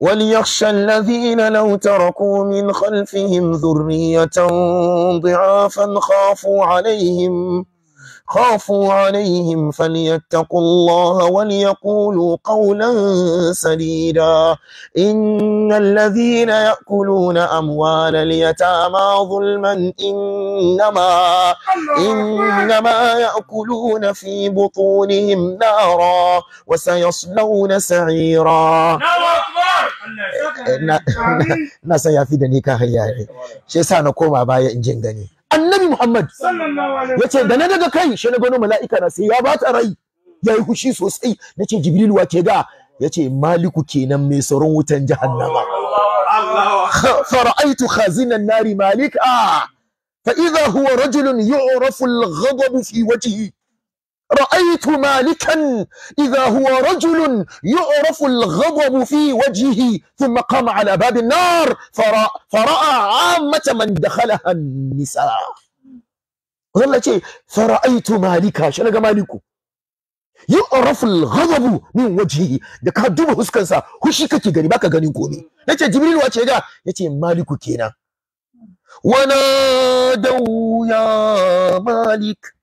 وليخشى الذين لو تركوا من خلفهم ذرية ضعافا خافوا عليهم خافوا عليهم فليتقوا الله وليقولوا قولا سديدا إن الذين يأكلون أموال اليتامى ظلما إنما إنما يأكلون في بطونهم نارا وسيصلون سعيرا na أكبر ya fi da ni kan hayyaye shi yasa annabi Muhammad yace da na daga kai shi na gano mala'ika na sai ya bata rai Ya yi hushi sosai nace Jibril wa ke da yace Maliku kenan mai tsaron wutan jahannama fara'aitu khazinan nari Malika. Ah, fa idha huwa rajulun yu'rafu al-ghadab fi wajhihi رأيت مالكا إذا هو رجل يعرف الغضب في وجهه ثم قام على باب النار فرأى, فرأى عامة من دخلها النساء وظل شيء فرأيت مالكا شنو مالكو يعرف الغضب من وجهه da ka duba هشيكا كي غني باكا غني كومي نتي جبريل jibril wace ga yace maliku ونادوا يا مالك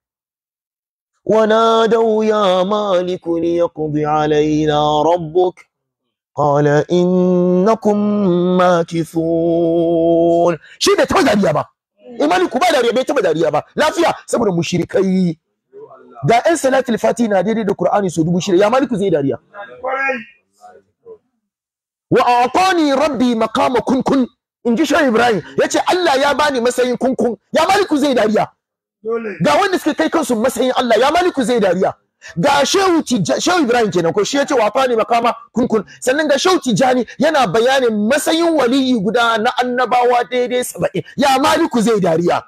ونادوا يا مالك ليقض علينا ربك قال إنكم ماكثون شيدة تبدأ ريابا إمالك بدا ريابا تبدأ ريابا لا فيها سبنا مشركي دا إن صلاة الفاتحة نادي دي قرآن سود مشركي يا مالك زيدا ريا وأعطاني ربي مقام كن كن إن جشا إبراهيم يتي الله يا باني مسايين كن كن يا مالك زيدا ريابا ga wanda suke kai kansu matsayin Allah ya maliku zai dariya ga shehu shehu ibrahim kenan ko shi ya ce wa fani makama kunkun sannan ga shehu tijani yana bayanin matsayin waliyi guda na annabawa daidai saba'in ya maliku zai dariya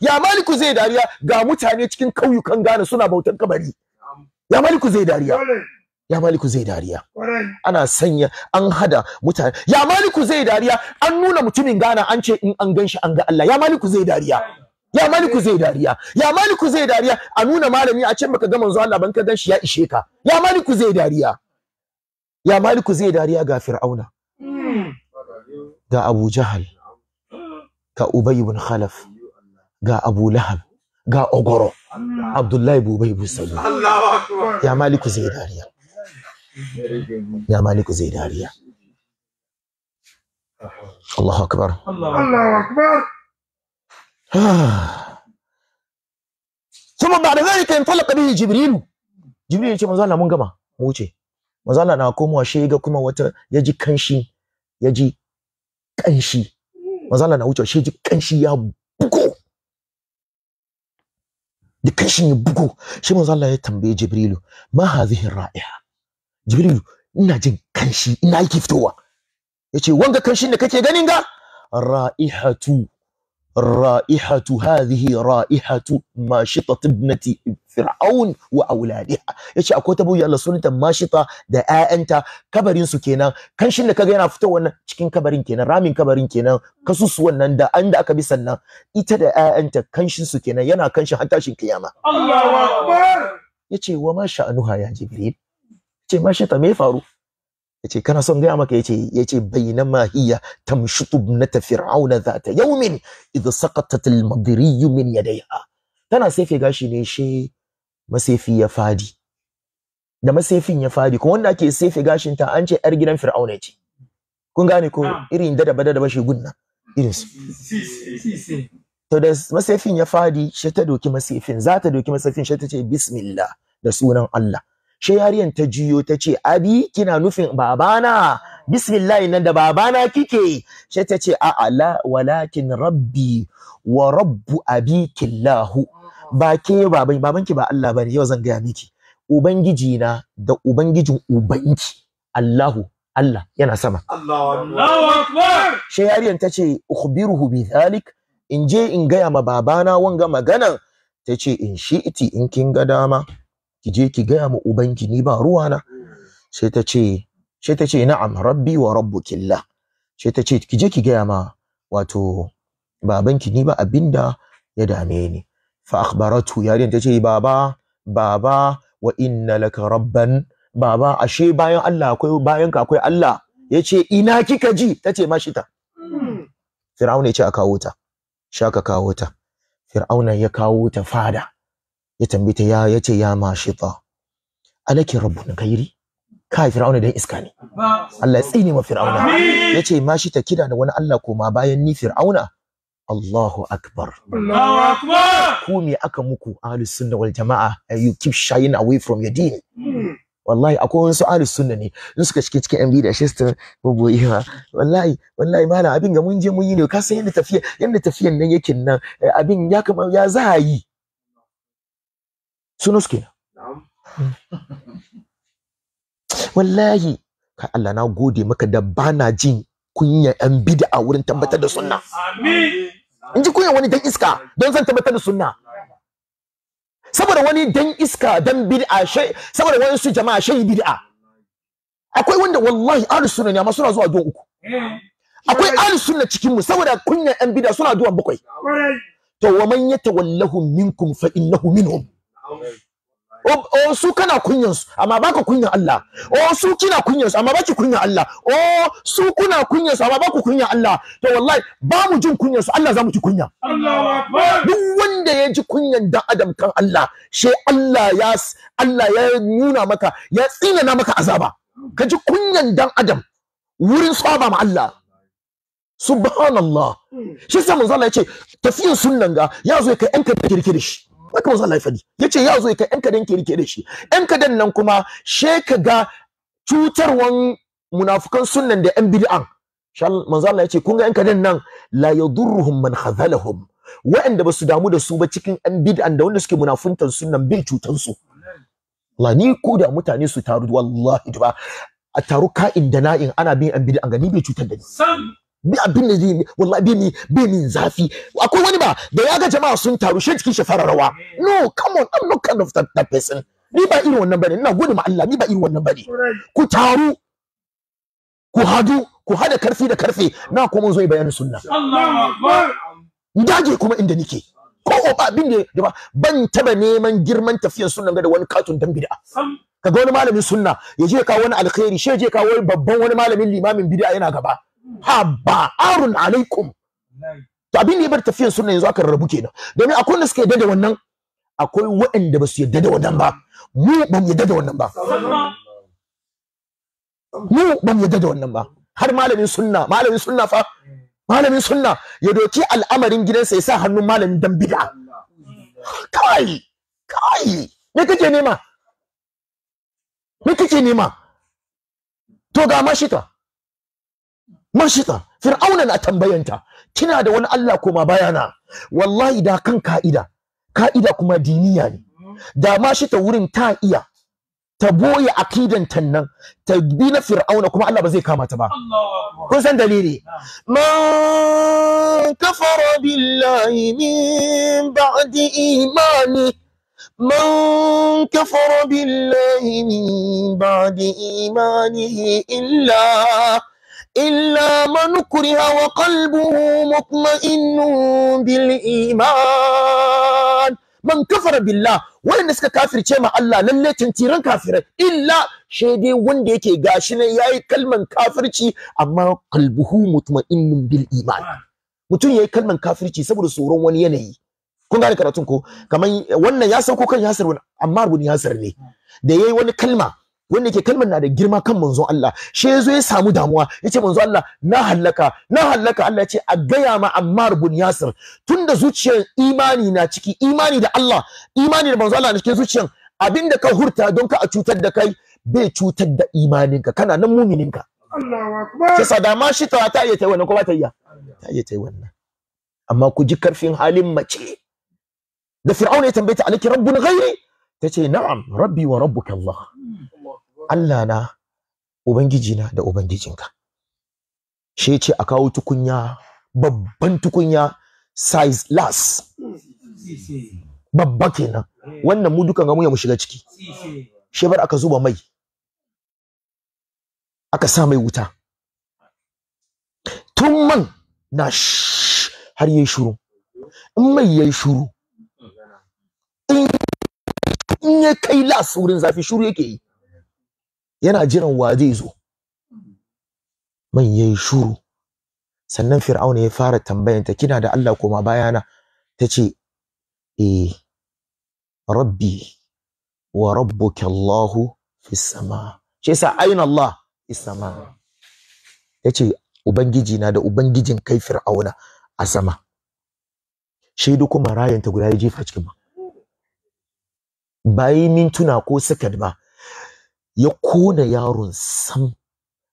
ya maliku zai dariya ga mutane cikin kauyukan Ghana suna bautan kabari ya maliku zai dariya ya maliku zai dariya ana sanya an hada mutane ya maliku zai dariya an nuna mutumin Ghana an ce in an gan shi an ga Allah ya maliku zai dariya ya maliku zai dariya ya maliku zai dariya a nuna malami a can baka ga manzo Allah ban ka ganshi ya ishe ka ya maliku zai dariya ya maliku zai dariya ga fir'auna ga abu jahal ga ubay ibn khalaf ga abu lahab ga ogoro abdullahi ibn ubay ibn salul ya maliku zai dariya ya maliku zai dariya Allahu akbar Allahu akbar kuma (sighs) ba da zalika in talaka bihi jibrilu jibrilu ce manzo Allah mun gama mu wuce manzo Allah na komawa shi ga kuma wata yaji kanshi ya ji kanshi manzo Allah na wuce shi ji kanshi ya bugo da kanshi ya bugo shi manzo Allah ya tambaye jibrilu ma hadhihi ra'iha jibrilu ina jin kanshi ina yake fitowa yace wanga kanshin da kake ganin ga ra'ihatu رائحة هذه رائحة ماشطة ابنة فرعون وأولادها yace akwai ta buya Allah sunanta mashita da ƴaƴanta kabarin su kenan kanshin da kaga yana fitowa wannan cikin kabarin kenan ramin kabarin kenan kasusuwan nan da an da aka bi sannan ita da ƴaƴanta kanshin su kenan yana kanshin har tashin kiyama Allahu akbar yace wa ma sha'anuha ya jibril yace mashita me faru yace kana son gaya maka yace yace ma hiya tamshutu ibnata fir'auna zata yawmin idh saqatat al-madri min yadayha tana sefe gashi ne she masefi ya fadi da masefin ya fadi ko wanda ake sefe gashin ta an ce yar gidan fir'auna ce kun gane ko ah. irin da da bada da bashi gunna irin su to da masefin ya fadi she ta doki masefin za ta doki masefin she ta ce bismillah da sunan Allah sai yariyan ta jiyo ta ce abi kina nufin babana bismillah nan da babana kike sai ta ce a'a walakin rabbi wa rabbu abikillahu ba ke baban babanki ba Allah bane yau zan gaya miki ubangiji na da ubangijin ubanki Allahu Allah yana sama Allahu akbar sai yariyan ta ce ukhbiruhu bi dhalik in je in gaya ma babana wanga maganan ta ce in shi iti in kin ga dama ki je ki gaya ma ubanki ni ba na sai ta ce sai ta ce na'am rabbi wa rabbukillah sai ta ce ki je ki gaya ma wato babanki ni ba abinda ya dame ni fa akhbaratu yarin ta ce baba baba wa inna laka rabban baba ashe bayan Allah akwai bayan ka akwai Allah yace ina kika ji tace ma ta. Fir'auna ya ce a kawo ta shaka kawo ta Fir'auna ya kawo ta fada ya tambaye ta ya yace ya mashita alaki rabbun kairi kai fir'auna dan iska ne Allah ya tsine ma fir'auna yace mashi ta kida da wani Allah koma bayan ni fir'auna Allahu akbar Allahu akbar ku me aka muku ahlus sunna wal jamaa you keep shying away from your deen wallahi akwai wasu ahlus sunna ne in suka shige cikin MB da Chester babu yawa wallahi wallahi malam abin ga mun je mun yi ne ka san yadda tafiya yanda tafiyan nan yake nan eh, abin ya kama ya za yi sunus (laughs) kenan wallahi ka Allah na gode maka da bana jin kunya yan bid'a wurin tabbatar da sunna amin in ji kunya wani dan iska don zan tabbatar da sunna saboda wani dan iska dan bid'a shay saboda wani su jama'a shay bid'a akwai wanda wallahi ahlus sunna ne amma suna zuwa duwan uku eh. akwai ahlus sunna cikin mu saboda kunya yan bid'a suna duwan bakwai to wa man yatawallahu minkum fa innahu minhum o su kana kunyan su amma baka kunyan Allah o su kina kunyan su amma baki kunyan Allah o su kuna kunyan su amma baku kunyan Allah to wallahi ba mu jin kunyan su Allah za mu ji kunya duk wanda ya ji kunyan dan adam kan Allah she Allah ya Allah ya nuna maka ya tsinana maka azaba ka ji kunyan dan adam wurin saba ma Allah subhanallah shi sai manzo Allah ya ce tafiyin sunnan ga ya zo kai an ka kirkire shi haka manzo Allah ya ce yace ya zo kai ɗan kadan ke rike da shi ɗan kadan nan kuma she ka ga cutarwan munafukan sunnan da ɗan bid'an manzo Allah yace kun ga ɗan kadan nan la yadurruhum man khazalahum waɗanda basu damu da su ba cikin ɗan bid'an da wanda suke munafuntan sunan bai cutan su Allah ni ko da mutane su taru wallahi ba a taru ka'in da na'in ana bin ɗan bid'an ga ni bai cutar da ni bi abin da zai wallahi bi min bi min zafi akwai wani ba da ya ga jama'a sun taru shi cikin shi fara rawa no come on i'm not kind of that, that person ni ba irin wannan bane ina gode ma Allah ni ba irin wannan bane ku taru ku hadu ku hada karfi da karfi na kuma zo bayanin sunna Allahu akbar kuma inda nike ko ba abin da ba ban taba neman girman tafiyar sunna ga da wani katun dan bid'a kaga wani malamin sunna ya je kawo wani alkhairi shi ya je kawo babban wani malamin limamin bid'a yana gaba haba arun alaikum to abin da ya bar tafiyan sunna yanzu aka rarrabu kenan domin akwai wanda suka yadda da wannan akwai waɗanda ba su yadda da wannan ba mu ba mu yadda da wannan ba mu ba mu yadda da wannan ba har malamin sunna malamin sunna fa malamin sunna ya doki al'amarin gidansa ya sa hannun malamin dan bid'a kai kai me kake nema me kake nema to ga mashita mashita fir'auna na tambayanta kina da wani Allah koma bayana wallahi da kan ka'ida ka'ida kuma diniya ne da ma shi ta wurin ta iya ta boye akidan nan, ta bi na fir'auna kuma Allah ba zai kama ta ba kun san dalili man kafara billahi min ba'di imani من كفر بالله من بعد إيمانه إلا إلا من كره وقلبه مطمئن بالإيمان man kafara billah wanda suka kafirce ma Allah lalle tantiran kafirai illa shede wanda yake gashi ne yayi kalman kafirci amma qalbuhu mutma'innun bil iman mutum yayi kalman kafirci saboda tsoron wani yanayi kun gane karatun ko Kamar wannan ya sauko kan Yasir amma Ammar Yasir ne da yayi wani kalma wanda yake kalmar na da girma kan manzon Allah shi yazo ya samu damuwa yace manzon Allah na hallaka na hallaka Allah yace a gaya ma Ammar bin Yasir tunda zuciyar imani na ciki imani da Allah imani da manzon Allah na cikin zuciyar abinda ka hurta don ka a cutar da kai bai cutar da imaninka kana nan mumininka Allahu akbar sai shi ta ta yi wannan ko ba ta yi. ta yi ta wannan amma ku ji karfin halin mace da fir'auna ya tambaye ta alaki rabbun ghairi tace na'am rabbi wa rabbuka Allah Allah na ubangiji na da ubangijinka shi ce a kawo tukunya babban tukunya size last babba kenan wannan mu dukan mu ya mu shiga ciki shi bar aka zuba mai aka sa mai wuta tun man na har yi shuru in mai yayi shuru in ya kai las wurin zafi shuru yake yi yana jiran wa zai zo man yayi shuru sannan fir'auna ya fara tambayanta kina da Allah koma bayana tace eh rabbi wa rabbuka Allahu fi sama shi sa aina Allah fi sama yace ubangiji na da ubangijin kai fir'auna a sama shi duk kuma rayanta guda ya jefa cikin ba bayi mintuna ko sakad ba ya kona yaron sam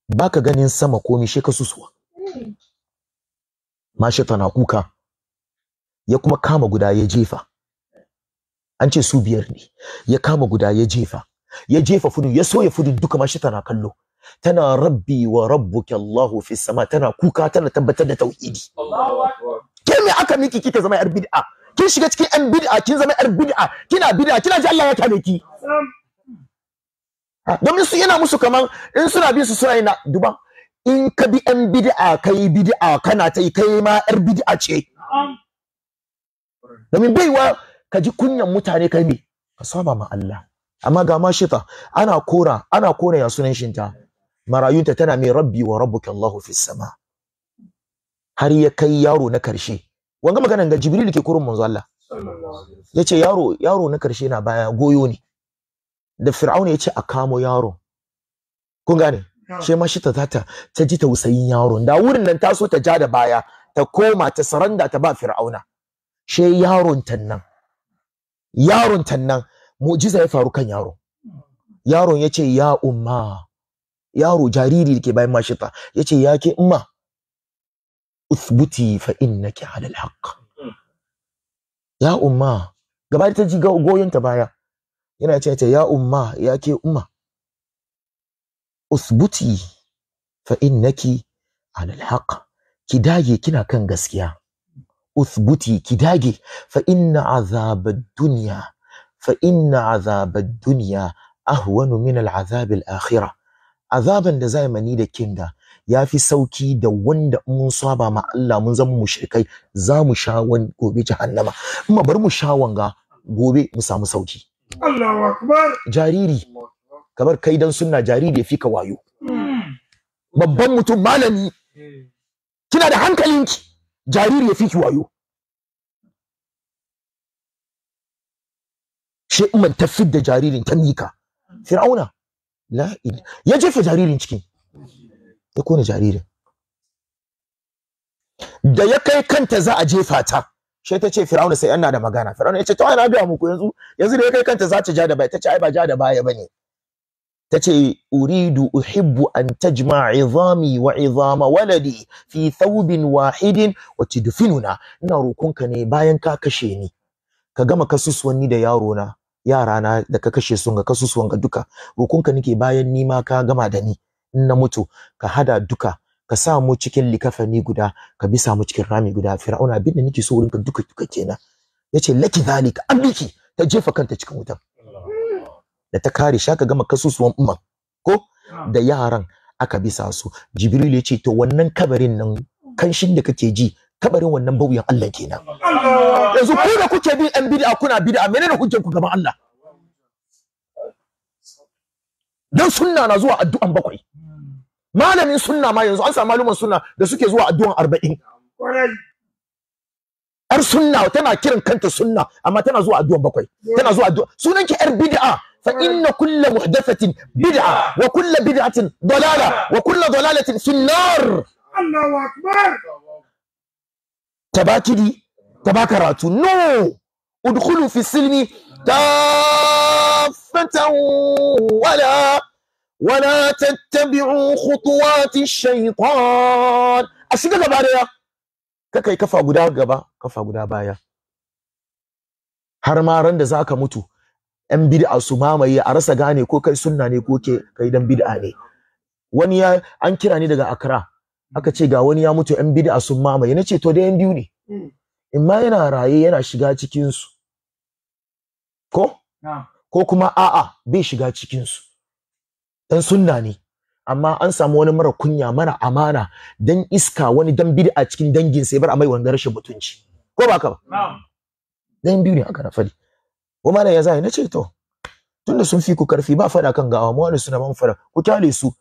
baka ganin sama komi shi ka susuwa mashi tana kuka ya kuma kama guda ya jefa an ce su biyar ne ya kama guda ya jefa ya jefa fudu ya soya fudu duka mashi tana kallo tana rabbi wa rabbuka Allahu fi sama tana kuka tana tabbatar da tauhidi ke me aka miki kika zama yar bid'a kin shiga cikin yan bid'a kin zama yar bid'a kina bid'a kina ji Allah ya kame ki domin su yana musu kaman in suna bin su suna yana duban in ka bi yan bid'a kai bid'a kana ta yi kai ma yar bid'a ce domin baiwa ka ji kunyan mutane kai me ka saba ma Allah amma ga ma shita ana kora ana kora ya sunan shinta marayunta tana mai rabbi wa rabbuka Allahu fi sama har ya kai yaro na karshe wanga maganan ga Jibril ke kurin manzo Allah yace yaro yaro na karshe na baya goyo ne da fir'auna ya ce a kamo yaro. kun gane she ma shi ta zata ta ji tausayin yaron da wurin nan ta so ta ja da baya ta koma ta saranda ta ba fir'auna she yaron tan nan yaron tan nan mu'jiza ya faru kan yaro. yaron ya ce ya umma yaro jariri da ke bayan mashita ya ce ya ke umma uthbuti fa innaki ala alhaq hmm. ya umma gaba ta ji goyon ta baya yana cewa ya umma ya ke umma usbuti fa innaki alal haqq ki dage kina kan gaskiya usbuti ki dage fa inna ad dunya fa inna ad dunya ahwanu min al azab al akhirah azaban da zamani da kinga ya fi sauki da wanda mun saba ma Allah mun zama mushrikai za mu sha wani gobe jahannama in bar mu sha wanga gobe mu samu sauki Allahu akbar jariri kamar kai dan sunna jariri ya fika wayo babban mutum malami kina da hankalinki jariri ya fiki wayo shi umman ta fidda jaririn ta mika fir'auna la ya jefa jaririn cikin ya kona jaririn da ya kai kanta za a jefa ta she ta ce Firawuna sai ana da magana Firawuna ya ce to ana biya muku yanzu yanzu da kai kanta za ta ja da baya ta ce ai ba ja da baya bane ta ce uridu uhibbu an tajma izami wa izama waladi fi thawbin wahidin wa tudfinuna ina rokonka ne bayan ka kashe ni ka gama kasusuwanni da yaro na yara na da ka kashe sun ga kasusuwan ga duka rokonka nake bayan ni ma ka gama da ni in na mutu ka hada duka ka sa mu cikin likafani guda ka bi sa mu cikin rami guda fir'auna bin da nake so ka duka duka kenan yace laki zalika abiki ta jefa kanta cikin wutan da ta kare shaka gama kasusuwan umman ko da yaran aka bisa su jibril ya to wannan kabarin nan kanshin da kake ji kabarin wannan bauyan Allah kenan yanzu ku da kuke bi an bid'a kuna bid'a menene hujjar ku gaban Allah dan sunna na zuwa addu'an bakwai malamin sunna ma yanzu an samu maluman sunna da suke zuwa addu'an arba'in ar sunna tana kiran kanta sunna amma tana zuwa addu'an 7 tana zuwa addu'a sunan ki yar bid'a fa inna kulla muhdathatin bid'a wa kulla bid'atin dalala wa kulla dalalatin fi nar Allahu akbar tabakidi tabakaratu no udkhulu fi silmi kafatan wala wala tattabi'u khutuwati shaytan a shiga gaba daya kakai kafa guda gaba kafa guda baya har ma ran da zaka mutu yan bid'a su mamaye a rasa gane ko kai sunna ne ko ke kai dan bid'a ne wani ya an kira ni daga Accra aka ce ga wani ya mutu yan bid'a su mamaye ce to da yan biyu ne in ma yana raye yana shiga cikin su ko ko kuma a'a bai shiga cikin su dan sunna ne amma an samu wani mara kunya mara amana dan iska wani dan a cikin dangin sai bar amai wanda rashin mutunci ko ba ka ba na'am dan biyu ne aka rafali ko mana ya zai nace to tunda sun fi ku karfi ba fada kan gawa mu wani suna ban fara ku tale su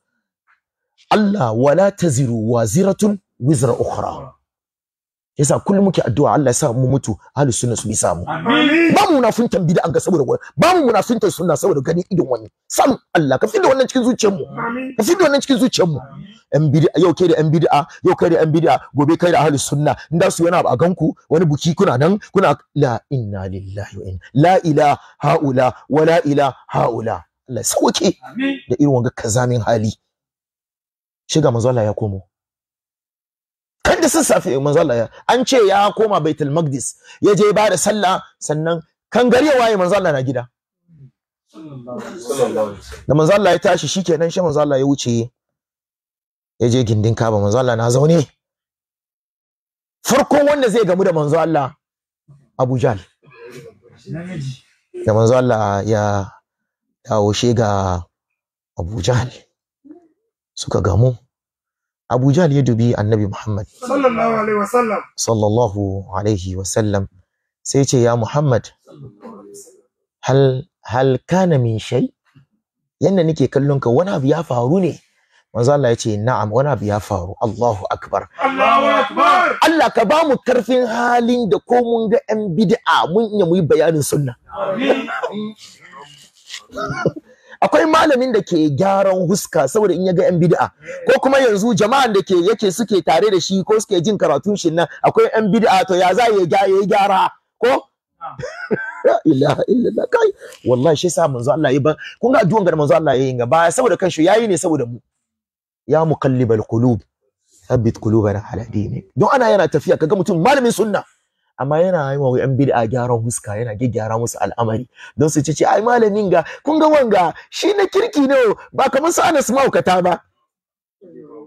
Allah wala taziru waziratun wizra ukhra yasa kullum muke addu'a Allah ya sa mu mutu ahlus sunna su bi samu ba mu munafintan bid'a ga saboda wani ba mu munafintan sunna saboda gani idon wani sam Allah ka fidda wannan cikin zuciyar mu ka fidda wannan cikin zuciyar mu yan bid'a yau kai da yan bid'a yau kai da yan bid'a gobe kai da ahlus sunna inda su yana a ganku wani buki kuna nan kuna la inna lillahi wa inna la ila haula wa la ila haula Allah sauke da irin wanga kazamin hali shiga manzo Allah ya komo kan da sassafe manzo Allah ya an ce ya koma Baitul Maqdis ya je ba da sallah sannan kan gari ya waye manzo Allah na gida da manzo Allah ya tashi shikenan shi manzo Allah ya wuce ya je gindin Kaaba manzo Allah na zaune farkon wanda zai gamu da manzo Allah Abu Jahl da manzo Allah ya dawo shi ga Abu Jahl suka gamu Abu Jahl ya dubi Annabi Muhammad sallallahu alaihi wasallam sallallahu alaihi wasallam sai ce ya Muhammad hal hal kana min nake kallon ka wani abu ya faru ne manzo Allah ya ce na'am wani abu ya faru Allahu akbar Allahu akbar Allah ka bamu mu karfin halin da ko mun ga yan bid'a mun iya mu yi bayanin sunna amin akwai malamin da ke gyaran huska saboda in ya ga yan bid'a ko kuma yanzu jama'an da ke yake suke tare da shi ko suke jin karatun shi nan akwai yan bid'a to ya za ya ya gyara ko (laughs) ilaha illallah kai wallahi shi sa manzo Allah yi ba kun ga addu'an ga manzo Allah yayi ga ba saboda kanshi yayi ne saboda mu ya muqallibal qulub thabbit qulubana ala dinik don ana yana tafiya kaga mutum malamin sunna amma yana yi wa yan bid'a gyaran huska yana gyara musu al'amari don su ce ai malamin ga kun ga wanga shi na kirki ne oh, ba kamar su Anas mahaukata ba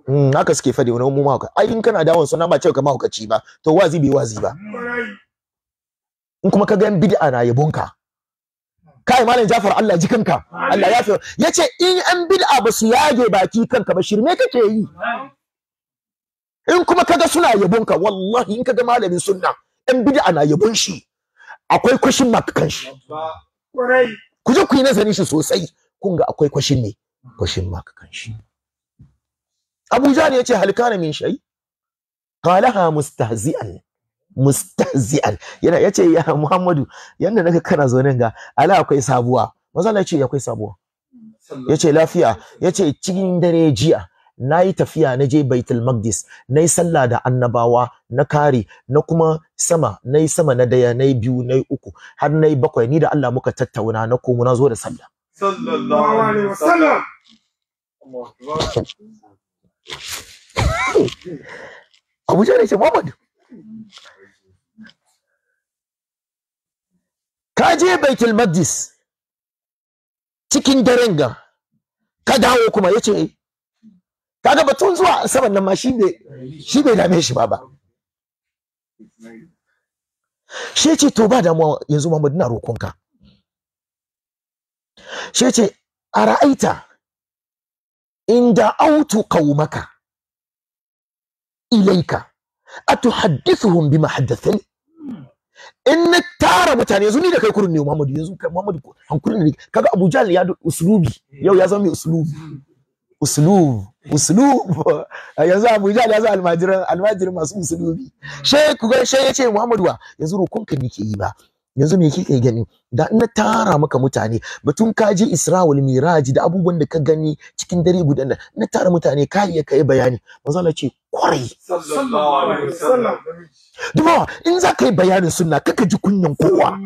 hmm, haka suke fadi wani mu mahauka ai in kana dawon sunan ba cewa ka mahaukaci ba to wazi bai wazi ba in kuma ka ga yan bid'a na yabonka kai malam Jafar Allah ji kanka Allah ya fi yace in yan bid'a ba su yage baki kanka ba shirme kake yi in kuma kaga suna yabonka wallahi in kaga malamin sunna yan bid'a na yabon shi akwai question mark kan shi ku je ku yi nazarin shi sosai kun ga akwai question ne question mark kan shi Abu Jahl yace halkana min shai qalaha mustahzi'an mustahzi'an yana yace ya Muhammadu yanda naka kana zo nan ga ala akwai sabuwa manzo Allah yace akwai sabuwa yace lafiya yace cikin dare jiya na yi tafiya na je baitul maqdis na yi sallah da annabawa na kari na kuma sama na yi sama na daya na yi biyu na yi uku har na yi bakwai ni da Allah muka tattauna na komo na zo da sallah sallallahu alaihi wasallam Abu Jahal ce Muhammad ka je baitul maqdis cikin daren ga ka dawo kuma yace kaga batun zuwa asabar nan ma shi bai shi bai dame shi ba ba shi ce to ba damuwa yanzu Muhammad ina roƙonka shi ce a ra'aita inda autu qaumaka ilaika atuhaddithuhum bima haddathani in na tara mutane yanzu ni da kai kurin ne Muhammad yanzu kai Muhammad hankulin ne kaga Abu Jahl ya da uslubi yau ya zama mai uslubi uslub uslub (laughs) yanzu Abuja da zai almajirin masu uslubi she ku ga yace Muhammadu wa yanzu rukun ka ke yi ba yanzu me kike gani da na tara maka mutane batun ka je Isra Miraj da abubuwan da ka gani cikin dare guda na tara mutane ka ya kai bayani manzo Allah ce kwarai dubawa in za ka yi bayanin sunna kaka ji kunyan kowa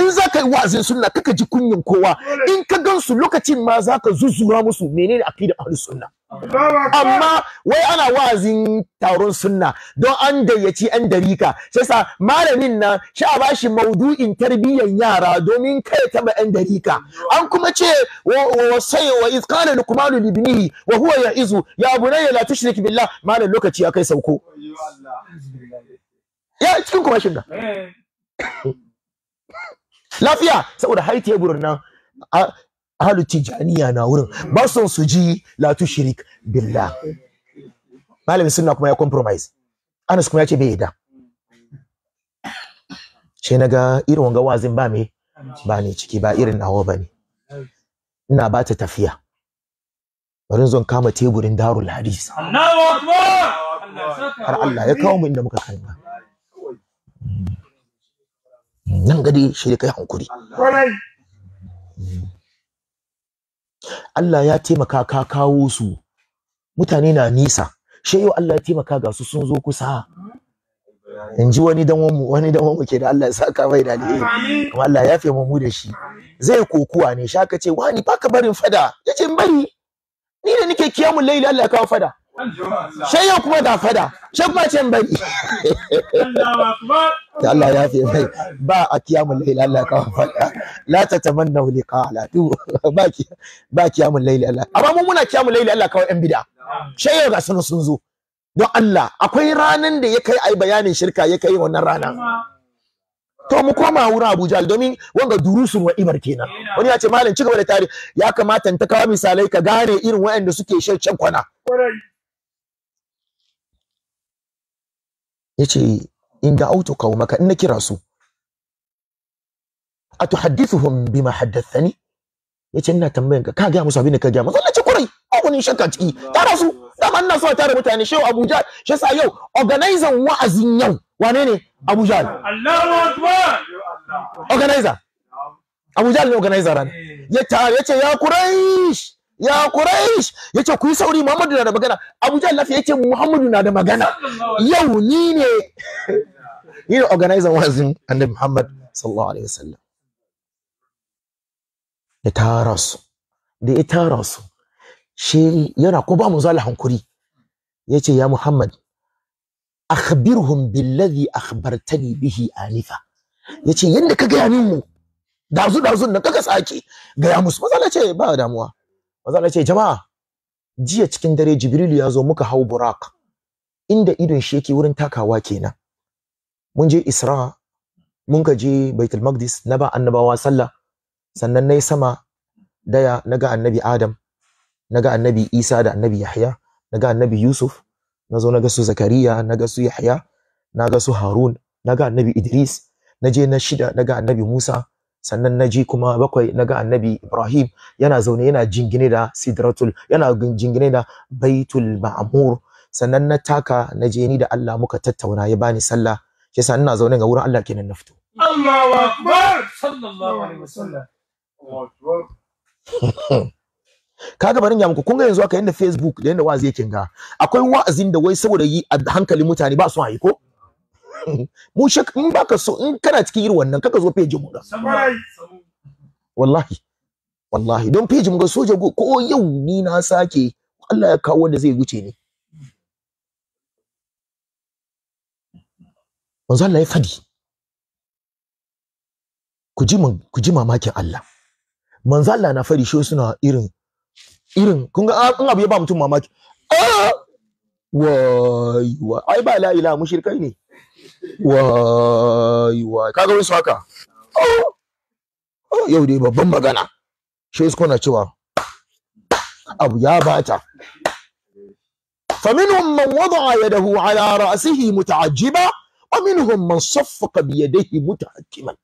in za ka yi wa'azin sunna kaka ji kunyan kowa in ka gansu lokacin ma za ka zuzura musu menene da ahlus sunna amma wai ana wa'azin taron sunna don an gayyaci yan darika sai sa malamin nan shi a bashi maudu'in tarbiyyar yara domin kai taba yan darika an kuma ce wa sai wa iz qala luqman li ibnihi wa huwa ya'izu ya bunayya la tushrik billah malam lokaci akai sauko ya cikin kuma shin eh. lafiya saboda haiti ya nan ahalu tijaniya na wurin ba son su ji la shirik billah malami sunna kuma ya compromise Anas kuma ya ce bai yadda sai ga irin wanga wazin ba me ba ne ciki ba irin nawa ba ne ina ba ta tafiya bari zan kama teburin darul hadis har Allah ya kawo mu inda muka kai nan gadi shi kai hankuri Allah ya taimaka ka kawo su mutane na nisa she yau Allah ya taimaka ga su sun zo kusa in ji wani dan wani wani dan wani ke da Allah ya saka mai da alheri kuma Allah ya fiye mu da shi zai kokuwa ne shaka ce wani baka barin fada yace bari ni da nake kiyamul laili Allah ya kawo fada sai kuma ga fada sai kuma ce bari ta (laughs) Allah ya fi mai ba a kiyamun laili Allah kawo fada la ta tamanna liqa ala tu ba ki ba kiyamun laili Allah amma mun muna kiyamun laili Allah kawo yan bid'a sai ga sun sun zo don Allah akwai ranan da ya kai ai bayanin shirka ya kai wannan rana to mu koma wurin Abuja domin wanga durusun wa imar kenan wani ya ce malam cigaba da tare ya kamata ta kawo misalai ka gane irin waɗanda suke shan kwana yace in da'autu qaumaka in na kira su atuhaddithuhum bima haddathani yace ina tambayanka, ka ga musu abin da ka ga musu Allah ce kurai ba wani shakka ciki tara su dama ina so a tara mutane shehu Abuja shi sa yau organizer wa'azin yau wane ne Abuja Allahu akbar organizer Abuja ne organizer ran eh. ya yace ya kurai ya Quraysh yace ku yi sauri Muhammadu na da magana Abu Jahl lafiya yace Muhammadu na da magana yau ni ne (laughs) ni ne organizer wazin Annabi Muhammad sallallahu alaihi wasallam ya tara su da ya tara su shi yana ko ba mu zala hankuri yace ya Muhammad akhbirhum billadhi akhbartani bihi anifa yace yanda ka ga min mu dazu dazun nan kaka sake gaya musu maza ce ba damuwa manzo Allah ce jama'a jiya cikin dare Jibrilu ya zo muka hau Burak inda idon shi yake wurin takawa kenan mun je Isra mun ka je Baitul Maqdis na ba annabawa sallah sannan nayi sama daya naga annabi Adam naga annabi Isa da annabi Yahya naga annabi Yusuf nazo naga su Zakariya naga su Yahya naga su Harun naga annabi Idris naje na shida naga annabi Musa sannan na ji kuma bakwai na ga annabi ibrahim yana zaune yana jingine da sidratul yana jingine da baitul ma'mur sannan na taka na je ni da Allah muka tattauna ya bani sallah shi yasa ina zaune ga wurin Allah kenan na fito Allahu akbar sallallahu alaihi wasallam (laughs) kaga barin ya muku kun ga yanzu aka yanda facebook da yanda wazi yake ga akwai wa'azin da wai saboda yi a hankalin mutane ba su haiko mu shak in baka so in kana cikin irin wannan kaka zo page mu wallahi wallahi don page mu ga soja ko yau ni na sake Allah ya kawo wanda zai wuce ni manzo Allah ya fadi ku ji ku ji mamakin Allah manzo Allah na fari shi suna irin irin kun ga in abu ya ba mutum mamaki ah! wai wai ai ba la ilaha mushrikai ne wai wai kaga wani su haka oh, oh, yau dai babban magana shi su cewa abu ya bata فمنهم من وضع يده على رأسه متعجبا ومنهم من صفق بيديه متحكما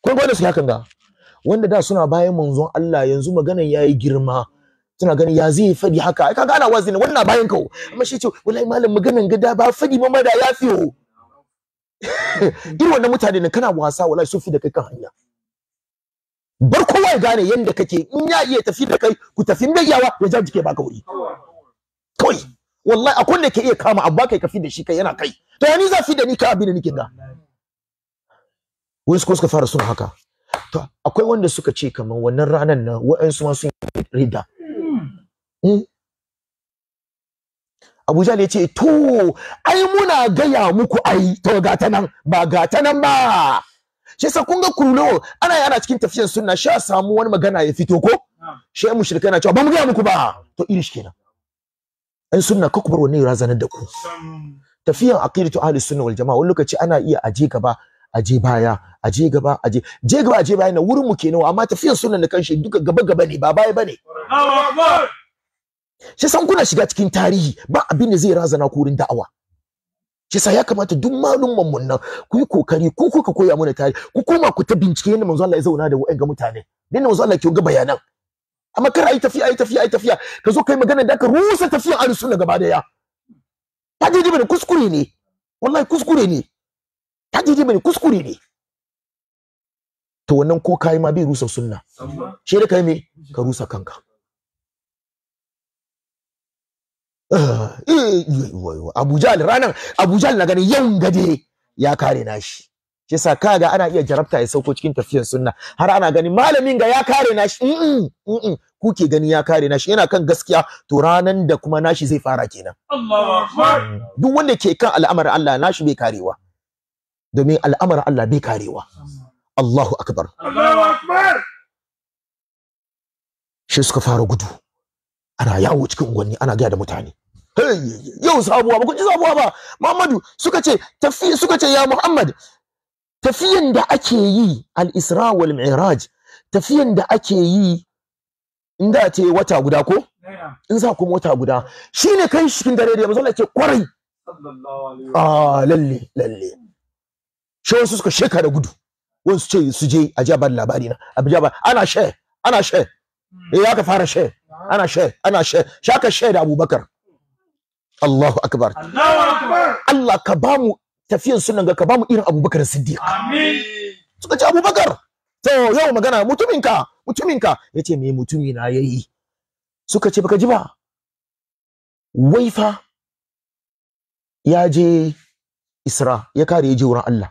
kun gwada su hakan ga wanda da suna bayan manzon Allah yanzu maganan ya yi girma suna gani ya zai fadi haka ai kaga ana wazini wannan bayan ka amma shi ce wallahi malam maganan gada ba fadi ma da ya ho irin (laughs) wannan mutane ne kana wasa wallahi sun fi da kai kan hanya bar kowa ya gane yanda kake in ya iya tafi da kai ku tafi mai yawa ya ja jike baka wuri kawai wallahi akwai da ke iya kama abba kai ka fi da shi kai yana kai to ya ni za fi da ni ka abin da nake ga wani suka fara suna haka to akwai wanda suka ce kamar wannan ranar nan wa'ansu ma sun rida Hmm? Abu Jahl ya ce to ai muna gaya muku ai to ga ta nan ba ga ta nan ba shi kun ga kullo ana yana cikin tafiyar sunna sha samu wani magana ya fito ko shi ai mushrika yana cewa ba mu gaya muku ba to irish kenan ai sunna ka kubar wani razanar da ku tafiyan aqidatu ahli sunna wal jamaa wani lokaci ana iya aje gaba aje baya aje gaba aje je gaba aje baya na wurin mu kenan amma tafiyar sunna na kanshi duka gaba gaba ne ba baya bane Allahu akbar shi san kuna shiga cikin tarihi ba abin da zai razana ku wurin da'awa shi sa ya kamata duk malumman mun nan ku yi kokari ku kuka koya mana tarihi ku koma ku ta bincike yadda manzo Allah ya zauna da wa'en ga mutane yadda manzo Allah ke ga bayanan amma kar ayi tafiya ayi tafiya ayi tafiya ka zo kai magana da ka rusa tafiyan ahlus sunna gaba daya ta je bane kuskure ne wallahi kuskure ne ta je bane kuskure ne to wannan ko kai ma bai rusa sunna shi da kai me ka rusa kanka Ah, eh, Abuja ranar Abuja na ganin yau gade ya kare nashi shi yasa kaga ana iya jarabta ya sauko cikin tafiyar sunna har ana ganin malamin ga ya kare nashi kuke gani ya kare nashi yana kan gaskiya to ranan da kuma nashi zai fara kenan mm. duk wanda ke kan al'amar Allah nashi bai karewa domin al'amarin Allah bai karewa Allahu akbar Allahu akbar shi suka fara gudu ana yawo cikin unguwanni ana gaya da mutane yau sabuwa ba ku ji sabuwa ba Muhammadu suka ce tafi suka ce ya Muhammad tafiyan da ake yi al-Isra wal Mi'raj tafiyan da ake yi in da ce wata guda ko in za kuma wata guda shine kai shi cikin dare da manzo Allah ce kwarai ah lalle lalle shi wasu suka sheka da gudu wasu ce su je a jabar labari na abijaba ana she ana she hmm. eh aka fara she ana she ana she shaka she da Abubakar Allahu akbar Allah ka ba mu tafiyan sunan ga ka ba mu irin Abubakar Siddiq amin suka ce Abubakar to yau magana mutuminka mutuminka yace me mutumi na yayi suka ce baka ji ba wai fa ya je Isra ya kare ya je wurin Allah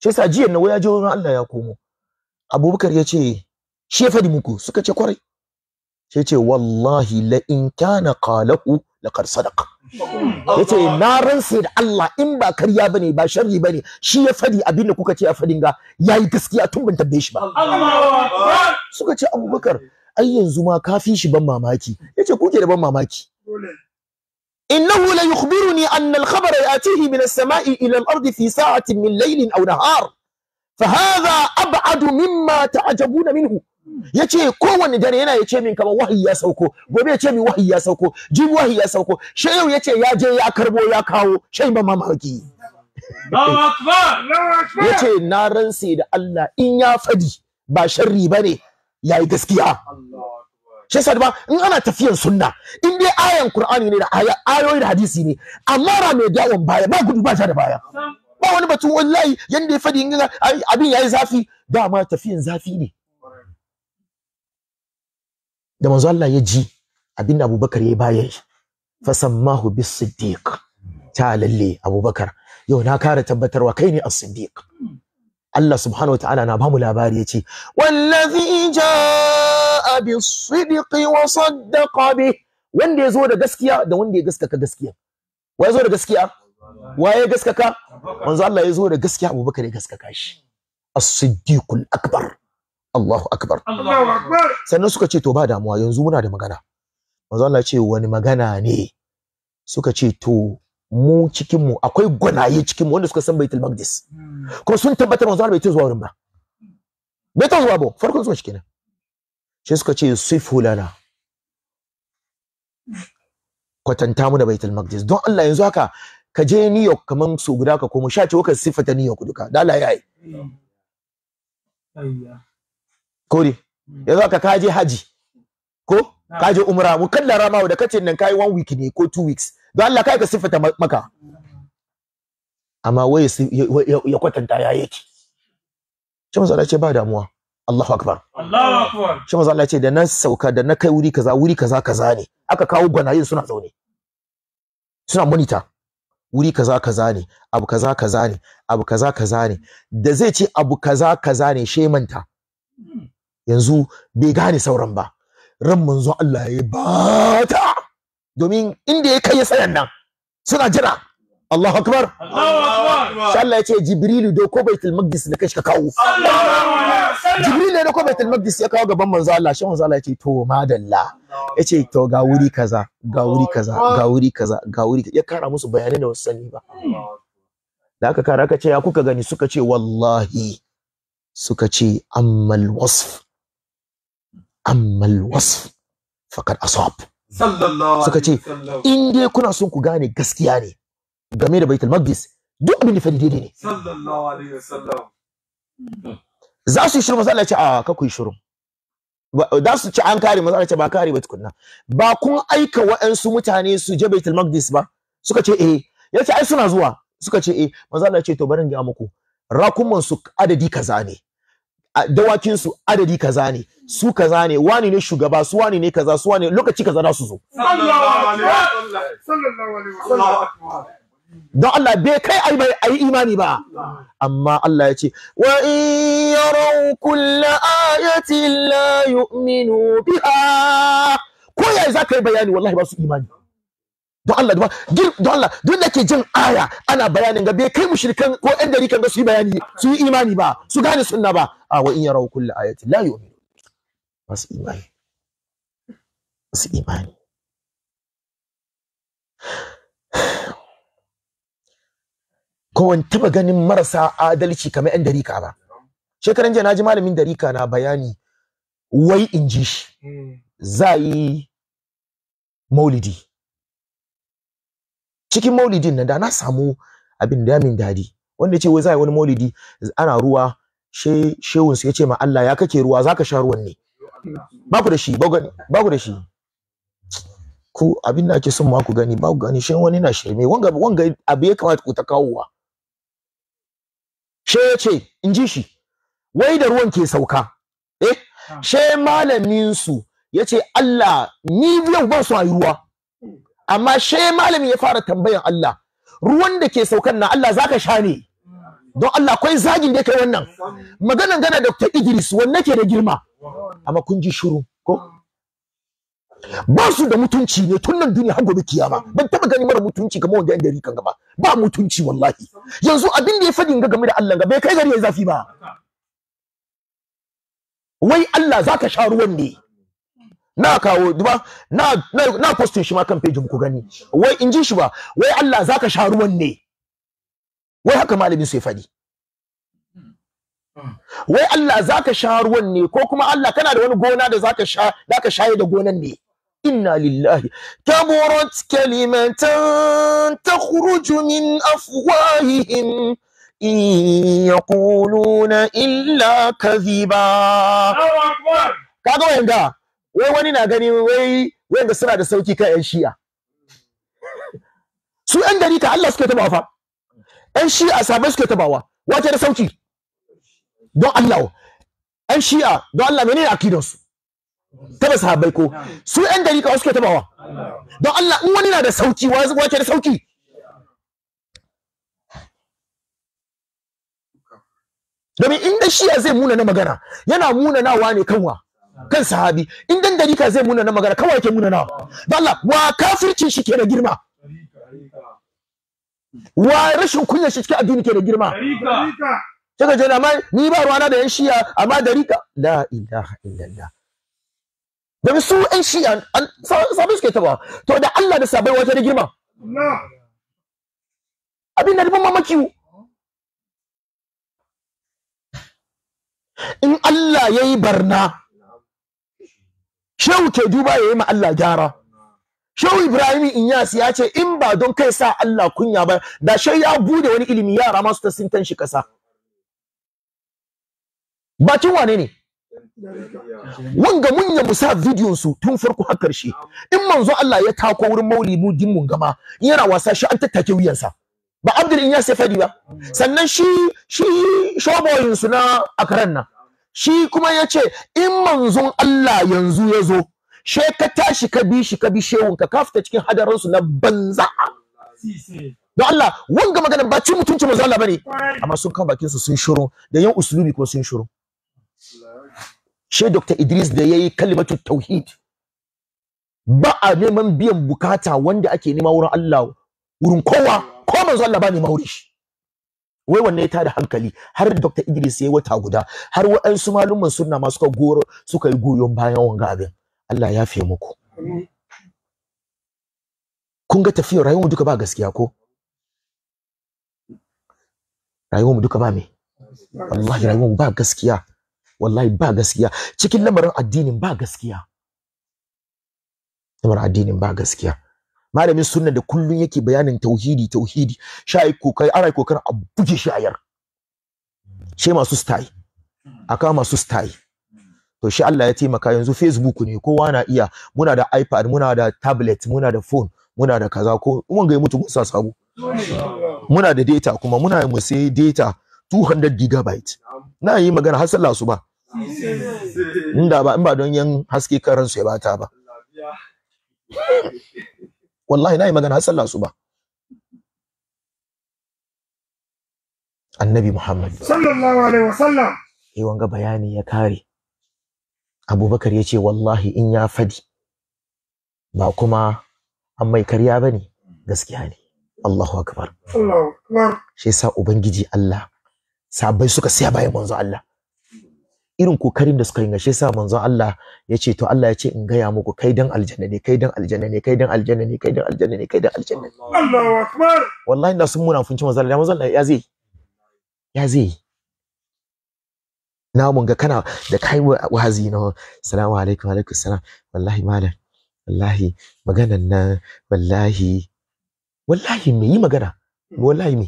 shi yasa jiyan nawa ya je wurin Allah ya komo Abubakar ya ce shefa di muku suka ce kwarai sai ce wallahi la in kana qalahu lakar sadaka ya na ransa da Allah in ba karya bane ba sharri bane shi ya fadi abin da kuka ce a fadin ga yi gaskiya tun ban tabbe ba suka ce abubakar ai yanzu ma ka shi ban mamaki ya ce kuke da ban mamaki innahu la yukhbiruni anna al-khabara yatihi min as-sama'i ila al-ardi fi sa'atin min laylin au nahar fa hadha ab'adu mimma ta'jabuna minhu ya ce kowane dare yana ya ce min kamar wahayi ya sauko gobe yace ce min wahayi ya sauko jin wahayi ya sauko she yau ya ya je ya karbo ya kawo shai ba mamaki ya ce na rantse da Allah in ya fadi ba sharri ba ne ya yi gaskiya shi ba in ana tafiyan sunna in dai ayan qur'ani ne da ayoyi da hadisi ne amma ra mai dawon baya ba gudu ba ta da baya ba wani wani wallahi yanda ya fadi abin yayi zafi dama tafiyan zafi ne da manzo Allah ya ji abin abinda Abubakar ya bayan baya fasammahu bis-siddiq ta lalle Abubakar yau na kara tabbatarwa kai ne as-siddiq Allah subhanahu wataala na bamu labari ce. wallazi jaa bis-sidqi wa saddaqa bi wanda zo da gaskiya da wanda ya gaskaka gaskiya wa ya zo da gaskiya wa ya gaskaka manzo Allah ya zo da gaskiya Abubakar ya gaskaka shi as-siddiqul akbar Allahu akbar Allahu akbar sannan suka ce to ba damuwa yanzu muna da magana manzo Allah ce wani magana ne suka ce to mu cikin mu akwai gwanaye cikin mu wanda suka san Baitul Maqdis hmm. kuma sun tabbatar manzo Allah bai zuwa wurin ba bai ta zuwa ba farkon zuwa shi kenan sai suka ce sifu lana kwatanta mu da Baitul Maqdis don Allah yanzu haka ka je New York kaman su guda ka komo sha ce ka sifata New York duka da Allah ya yi hmm. kore hmm. yanzu ka kaje haji ko kaje umra mu kallara ma da kace nan kai one week ne ko two weeks don Allah kai ka sifata maka amma wai ya kwatanta ya yake shi manzo Allah ce ba damuwa Allahu akbar Allahu akbar shi manzo Allah ce da na sauka da na kai wuri kaza wuri kaza kaza ne aka kawo gwanayin suna zaune suna monitor wuri kaza kaza ne abu kaza kaza ne abu kaza kaza ne da zai ce abu kaza kaza ne shemanta hmm. yanzu bai gane sauran ba ran manzo Allah ya bata domin inda ya kai sayan nan suna jira Allahu akbar Allahu akbar Allah ya ce Jibrilu da ko Baitul Maqdis da kashi ka kawo Jibrilu da ko Baitul Maqdis ya kawo gaban manzo Allah shi manzo Allah ya ce to madalla ya ce to ga wuri kaza ga wuri kaza ga wuri kaza ga wuri ya kara musu bayanai da wasu sani ba da aka kara aka ce ya kuka gani suka ce wallahi suka ce ammal wasf ammal wasf faqad asab suka ce in dai kuna son ku gane gaskiya ne game da baitul maqdis duk abin da fa daidai ne za su yi shiru masu ce a kakwai shiru za su ci an kare masu ce ba kare ba tukunna ba kun aika wa'ansu mutane su je baitul maqdis ba suka ce eh ya ce ai suna zuwa suka ce eh masu ce to barin ga muku Rakumansu adadi kaza ne dawakin su adadi kaza ne su kaza ne wani ne shugaba su wani ne kaza su wani lokaci kaza su zo don Allah bai kai ai bai ai imani ba amma Allah ya ce wa in yaraw kull ayatin la yu'minu biha ko ya zaka bayani wallahi ba su imani don Allah don Allah duk da ke jin aya ana bayanin ga bai kai mushrikan ko ɗan dari kan su yi bayani su yi imani ba su gane sunna ba a wa in yarau kullu ayati la yu'minu bas imani bas imani ko wani taba ganin marasa adalci kamar ɗan dari ba shekaran jiya ji malamin darika na bayani wai in ji shi hmm. za yi maulidi cikin maulidin nan da na samu abin da min dadi wanda ce wai za wani maulidi ana ruwa she shewun su ya ce ma Allah ya kake ruwa zaka sha ruwan ne ba ku da shi ba ku da shi ku abin da ake son ma ku gani ba ku gani shin wani na shirme wanga wanga abu ya kamata ku ta kawowa she yace ce in ji shi wai da ruwan ke sauka eh she malamin su ya ce Allah ni yau ban so a yi ruwa amma she malamin ya fara tambayan Allah ruwan da ke saukan na Allah zaka sha ne don Allah akwai zagin da kai wannan maganan gana Dr. Idris wanne ke da girma amma kun ji shiru ko ba su da mutunci ne tun nan duniya har gobe kiyama ban taba gani mara mutunci kamar wanda yan rikan gaba ba mutunci wallahi yanzu abin da ya fadin ga game da Allah ga bai kai gari ya zafi ba wai Allah zaka sha ruwan ne na kawo duba na na, na shi ma kan page ku gani wai in ji shi ba wai Allah zaka sha ruwan ne wai haka malamin sai fadi wai Allah zaka sha ruwan ne ko kuma Allah kana da wani gona da zaka sha zaka shaye da gonan ne inna lillahi kaburat kalimatan takhruju min afwahihim yaquluna illa kadhiba Allahu akbar kaga wanda. wai wani na gani wai wanda suna da sauki kan yan shi'a su yan gari ta Allah suke tabawa fa yan shi'a sabai suke tabawa wace da sauki don Allah yan shi'a don Allah menene akidar su ba sahabbai ko su yan gari ka suke tabawa don Allah in wani na da sauki wace da sauki domin inda shi'a zai muna na magana yana muna nawa ne kanwa kan sahabi in dan dalika zai muna na magana kawai ke muna na da Allah wa kafircin shi ke da girma wa rashin kunya shi cikin addini ke da girma sai je na mai ni ba ruwana da yan shiya amma dalika la ilaha illallah da su yan shiya sabai suke taba to da Allah da sabai wata da girma abin da ban mamaki in Allah yayi barna shehu ke duba ya yi ma Allah gyara shehu ibrahim inyas ya ce in ba don kai sa Allah kunya ba da shai ya bude wani ilimi yara masu ta sintan shi kasa bakin wane ne wanga mun ya musa bidiyon su tun farko har karshe in manzo Allah ya tako wurin maulidi din mun gama yana wasa shi an tattake wuyansa ba Abdul Inyas ya fadi ba sannan shi shi showboyin su na akaran nan shi kuma ya ce in manzon Allah yanzu ya zo she ka tashi ka bi shi ka bi shehunka ka fita cikin su na banza don Allah wanga magana ba ci mutuncin manzon Allah bane amma sun kan bakin su sun shiru da yan usulubi ko sun shiru she Dr. Idris da yayi kalimatu tauhid ba a neman biyan bukata wanda ake nema wurin Allah wurin kowa ko manzon Allah bane ne wai wanne ya tada hankali har Dr. Idris yayi wata guda har waɗansu malumman sunna ma suka goro suka yi goyon bayan wanga abin Allah ya fiye muku kun ga tafiyar rayuwar duka ba gaskiya ko rayuwar duka ba me wallahi rayuwar ba gaskiya wallahi ba gaskiya cikin lamarin addinin ba gaskiya lamarin addinin ba gaskiya malamin sunna da kullun yake bayanin tauhidi tauhidi sha yi kokari ana yi kokarin a buge shi ayar she masu style aka masu style to shi Allah ya taimaka yanzu Facebook ne kowa na iya muna da iPad muna da tablet muna da phone muna da kaza ko mun ga mutu sa sabo muna da data kuma muna mu sai data 200 gigabyte na yi magana har sallah su ba inda ba in ba don yan haske karansu ya bata ba wallahi na yi magana har sallah ba. annabi muhammad sallallahu alaihi wasallam eh wanga bayani ya kare abubakar ya ce wallahi in ya fadi ba kuma an mai karya bane gaskiya ne Allahu akbar Allahu akbar shi yasa ubangiji Allah sabai suka siya bayan manzo Allah irin kokarin da suka yi gashe sa manzon Allah ya ce to Allah ya ce in gaya muku kai dan aljanna ne kai dan aljanna ne kai dan aljanna ne kai dan aljanna ne kai dan aljanna ne Allahu akbar wallahi da sun munafunci manzon Allah manzon Allah ya zai ya zai na mun ga kana da kai wahazi na assalamu alaikum wa alaikum salam wallahi malam wallahi maganan nan wallahi wallahi me yi magana wallahi me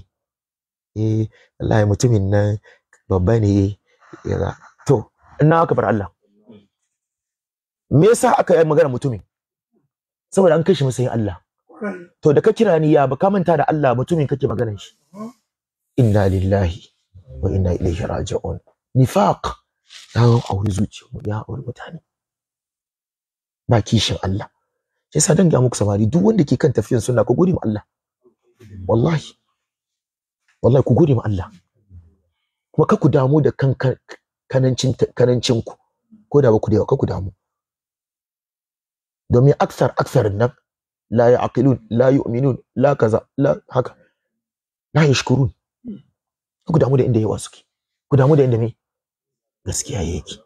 eh wallahi mutumin nan babba ne yana to ina aka bar Allah me yasa aka yi magana mutumin saboda an kai shi masayin Allah to da ka kira ni ya ba ka manta da Allah mutumin kake maganar shi inna lillahi wa inna ilaihi raji'un nifaq ya aure zuciya, ya auri mutane ba kishin Allah Ya sa dan ga muku samari duk wanda ke kan tafiyan sunna ku gode ma Allah wallahi wallahi ku gode ma Allah kuma ka ku damu da kanka kanancin kanancin ku ko da ba ku da yawa ku damu domin aksar aksarin nan la yaqilun la yu'minun la kaza la haka la yashkurun ku damu da inda yawa suke ku damu da inda me gaskiya yake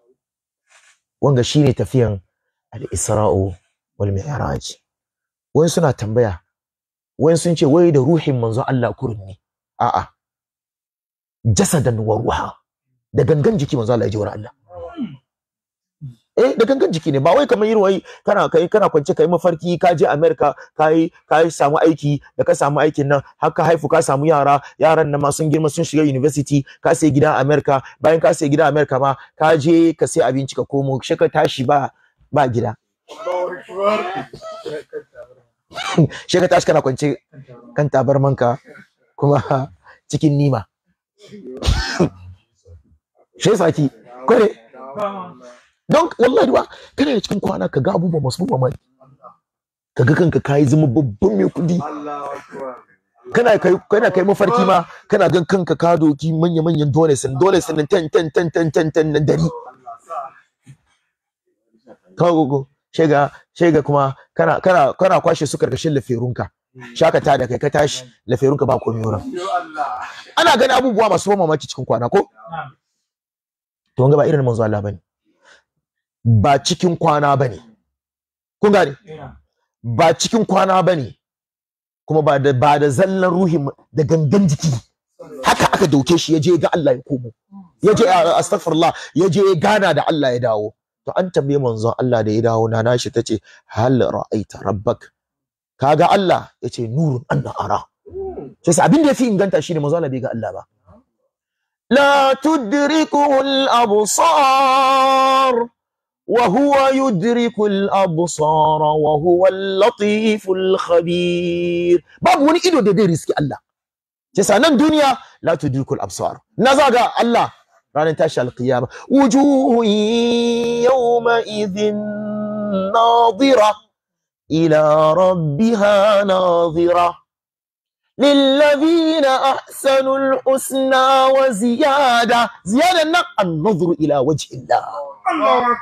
wanga shine tafiyan al-isra'u wal mi'raj wani suna tambaya wani sun ce wai da ruhin manzo Allah kurun ne a'a jasadan wa ruha da gangan jiki manzo Allah ya ji wa Allah eh da gangan jiki ne ba wai kamar irin wai kana kai kana kwance kai mafarki ka je America kai kai samu aiki da ka samu aikin nan har ka haifu ka samu yara yaran nan ma sun girma sun shiga university ka sai gida America bayan ka sai gida America ma ka je ka sai abinci ka komo shi ka tashi ba ba gida (laughs) shi ka tashi kana kwance kan tabarmanka kuma cikin nima (laughs) shi ki kware don wallahi ba kana da cikin kwana ka ga abubuwa masu mamaki ka ga kanka kayi zama babban mai kudi kana kai kana kai mafarki ma kana gan kanka ka doki manya manyan dole sun dole sun ten ten ten ten ten ten nan dari ka gogo shega shega kuma kana kana kana kwashe su karkashin laferunka shaka ta da kai ka tashi laferunka ba komai wurin ana gani abubuwa masu mamaki cikin kwana ko to wanga ba irin manzo Allah bane ba cikin kwana bane kun gane ba cikin kwana bane kuma ba da ba da zallan ruhi da gangan jiki haka aka dauke shi yaje ga Allah ya komo yaje astaghfirullah yaje gana da Allah ya dawo to an tambaye manzon Allah da ya dawo na nashi tace hal ra'aita rabbak kaga Allah yace nurun anna ara hmm. sai abin da yafi inganta shine manzon Allah bai ga Allah ba لا تدركه الأبصار وهو يدرك الأبصار وهو اللطيف الخبير باب من إدو دي رزق الله جسانا الدنيا لا تدرك الأبصار نزاقا الله رانا تاشا القيامة وجوه يومئذ ناظرة إلى ربها ناظرة للذين أحسنوا الحسنى وزيادة زيادة النظر إلى وجه الله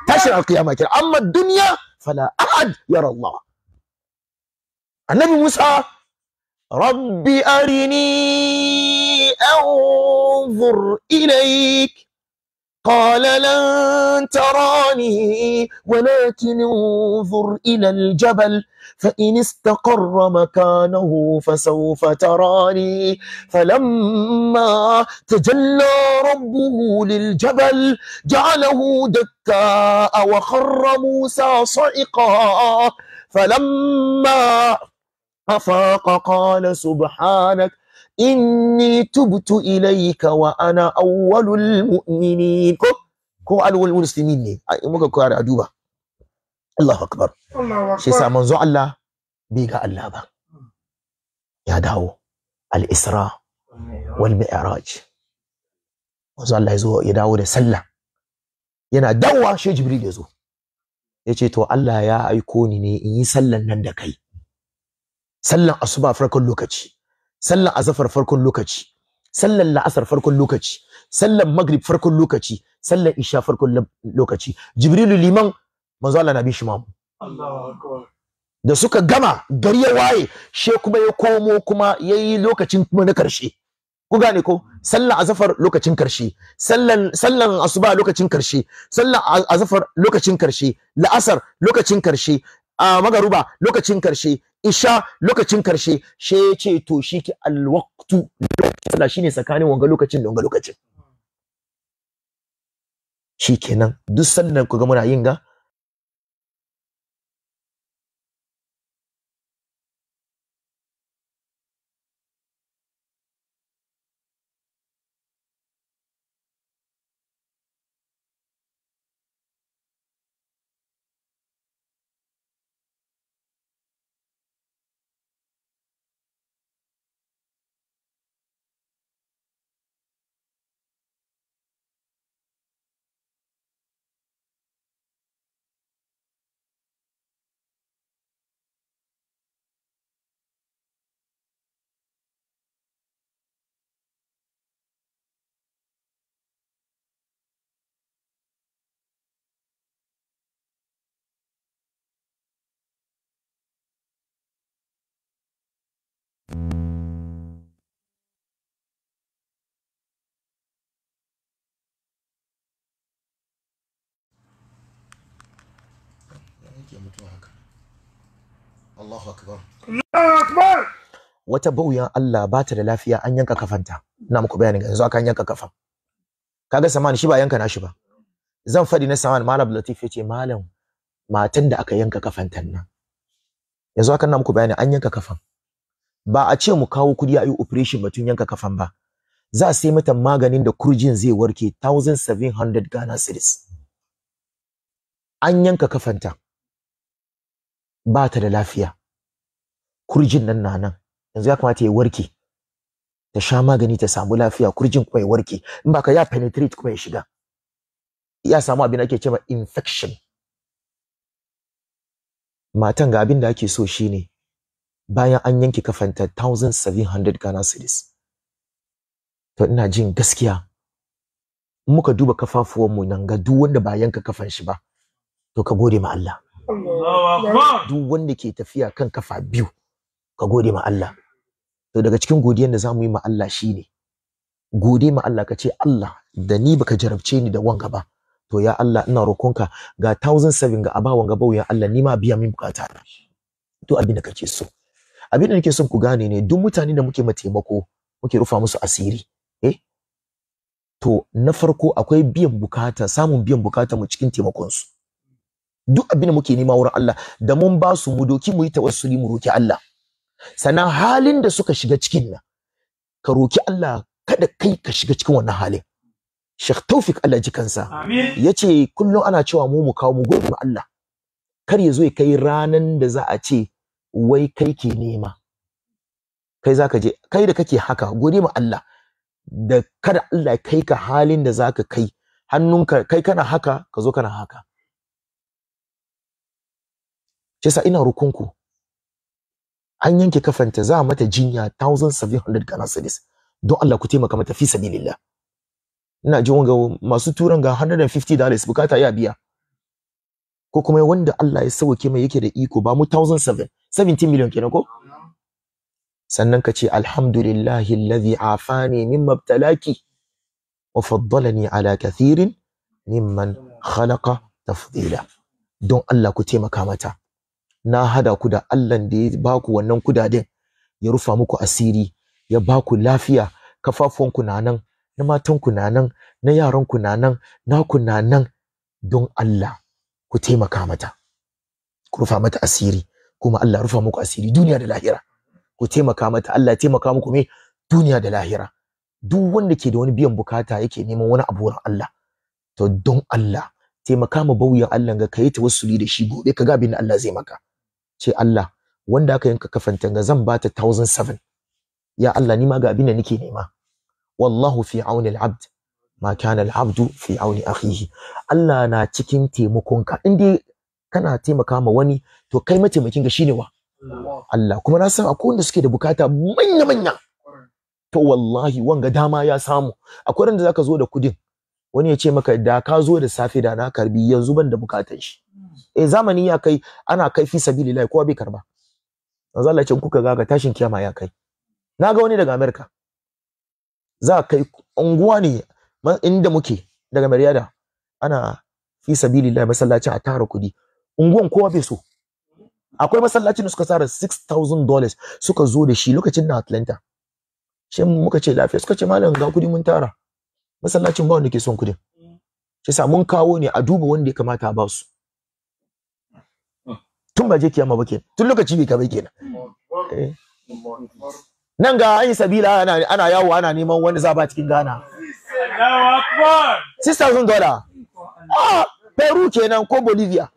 تشرع القيامة أما الدنيا فلا أحد يرى الله النبي موسى ربي أرني أنظر إليك قال لن تراني ولكن انظر إلى الجبل فإن استقر مكانه فسوف تراني فلما تجلى ربه للجبل جعله دكاء وخر موسى صعقا فلما أفاق قال سبحانك إني تبت إليك وأنا أول المؤمنين كو ko alwal muslimin ne muka Allahu akbar shi yasa manzo Allah bai ga Allah ba ya dawo al-isra wal mi'raj manzo Allah ya zo ya dawo da sallah yana dawowa shi Jibril ya zo ya ce to Allah ya aiko ni ne in yi sallan nan da kai sallan asuba farkon lokaci sallan azafar farkon lokaci sallan la'asar farkon lokaci sallan maghrib farkon lokaci sallan isha farkon lokaci jibrilu liman manzo Allah na bi shi da suka gama gari ya waye she kuma ya komo kuma yayi lokacin kuma na karshe ku gane ko sallan azafar lokacin karshe sallan sallan asuba lokacin karshe sallan azafar lokacin karshe la'asar lokacin karshe a magaruba lokacin karshe isha lokacin karshe she yace to shi ki sallah shine tsakanin wanga lokacin da wanga lokacin shikenan duk sallan ku ga muna yin ga iya mutuwa haka Allahu akbar Allahu akbar wata bauyan Allah ba ta da lafiya an yanka kafanta ina muku bayanin yanzu aka yanka kafan kaga saman shi ba yanka nashi ba zan faɗi na saman malam latif yace malam matan da aka yanka kafantan nan yanzu aka na muku bayani an yanka kafan ba a ce mu kawo kudi a yi operation batun yanka kafan ba za a sai mata maganin da kurjin zai warke 1700 Ghana cedis an yanka kafanta ba ta da lafiya kurjin nan na nan yanzu ya kamata ya warke ta sha magani ta samu lafiya kurjin kuma ya warke in ba ka ya penetrate kuma ya shiga ya samu abin da ake cewa infection matan ga abin da ake so shine bayan an yanke kafanta 1700 Ghana cedis to ina jin gaskiya muka duba kafafuwanmu nan ga duk wanda ba yanka kafan shi ba to ka gode ma Allah duk wanda ke tafiya kan kafa biyu ka gode ma Allah to daga cikin godiyar da zamu yi ma Allah shine gode ma Allah ka ce Allah da ni baka jarabce ni da wanga ba to ya Allah ina rokonka ga 1007 ga abawan gaba ya Allah ni ma biya min bukata to abin da kake so Abinda da nake son ku gane ne duk mutane da muke mataimako muke rufa musu asiri eh to na farko akwai biyan bukata samun biyan bukata mu cikin taimakon su duk abin da muke nema wurin Allah da mun ba su mu doki mu yi tawassuli mu roki Allah sannan halin da suka shiga cikin nan ka roki Allah kada kai ka shiga cikin wannan halin Sheikh Tawfik Allah ji kansa yace kullum ana cewa mu mu kawo mu gode Allah kar ya zo ya kai ranan da za a ce wai kai ke nema kai zaka je kai da kake haka gode ma Allah da kada Allah ya kai ka halin da zaka kai hannunka kai kana haka ka zo kana haka shi yasa ina rukunku an yanke kafanta za mata jinya 1700 Ghana cedis don Allah ku taimaka mata fi sabilillah ina ji wanga masu turan ga 150 dollars bukata ya biya ko kuma wanda Allah ya sauke mai yake da iko ba mu 1,700, 17 million kenan ko sannan ka ce alhamdulillahi alladhi afani mimma btalaki wa faddalani ala kathirin mimman khalaqa tafdila don Allah ku taimaka mata na hada ku da Allah da ya ba ku wannan kudaden ya rufa muku asiri ya ba ku lafiya kafafuwanku na nan na matanku na nan na yaranku na nan naku na nan don Allah ku taimaka mata ku rufa mata asiri kuma Allah rufa muku asiri duniya da lahira ku taimaka mata Allah ya taimaka muku me duniya da lahira duk wanda ke da wani biyan bukata yake neman wani abu wurin Allah to don Allah taimaka ma bauyin Allah ga kai wasuli da shi gobe ka ga bin Allah zai maka ce Allah wanda aka yanka kafanta ga zan bata 1007 ya Allah ni ma ga abin da nake nema wallahu fi auni al-abd ma kana al-abdu fi auni akhihi Allah na cikin taimakonka in dai kana taimaka ma wani to kai mataimakin ga shine wa Allah kuma na san akwai wanda suke da bukata manya manya to wallahi wanga dama ya samu akwai wanda zaka zo da kudin wani ya ce maka da ka zo da safe da na karbi yanzu ban da bukatar shi E, zamani ya kai ana kai fi lai kowa bai karba manzo Allah ya ce kuka ga tashin kiyama ya kai na wani daga America za kai unguwa ne inda muke daga Maryada ana fi lai masallaci a tara kudi unguwan kowa bai so akwai masallaci da suka tsara $6,000 suka zo da shi lokacin na Atlanta shi muka ce lafiya suka ce malam ga kudi mun tara masallacin ba wanda ke son kudin shi mun kawo ne a duba wanda ya kamata a ba su tun ba je kiyama ba kenan tun lokaci bai ka bai kenan eh. nan ga an sabila ana ana yawo ana neman wani zaba cikin gana, sister thousand dora ah Peru kenan ko Bolivia (laughs)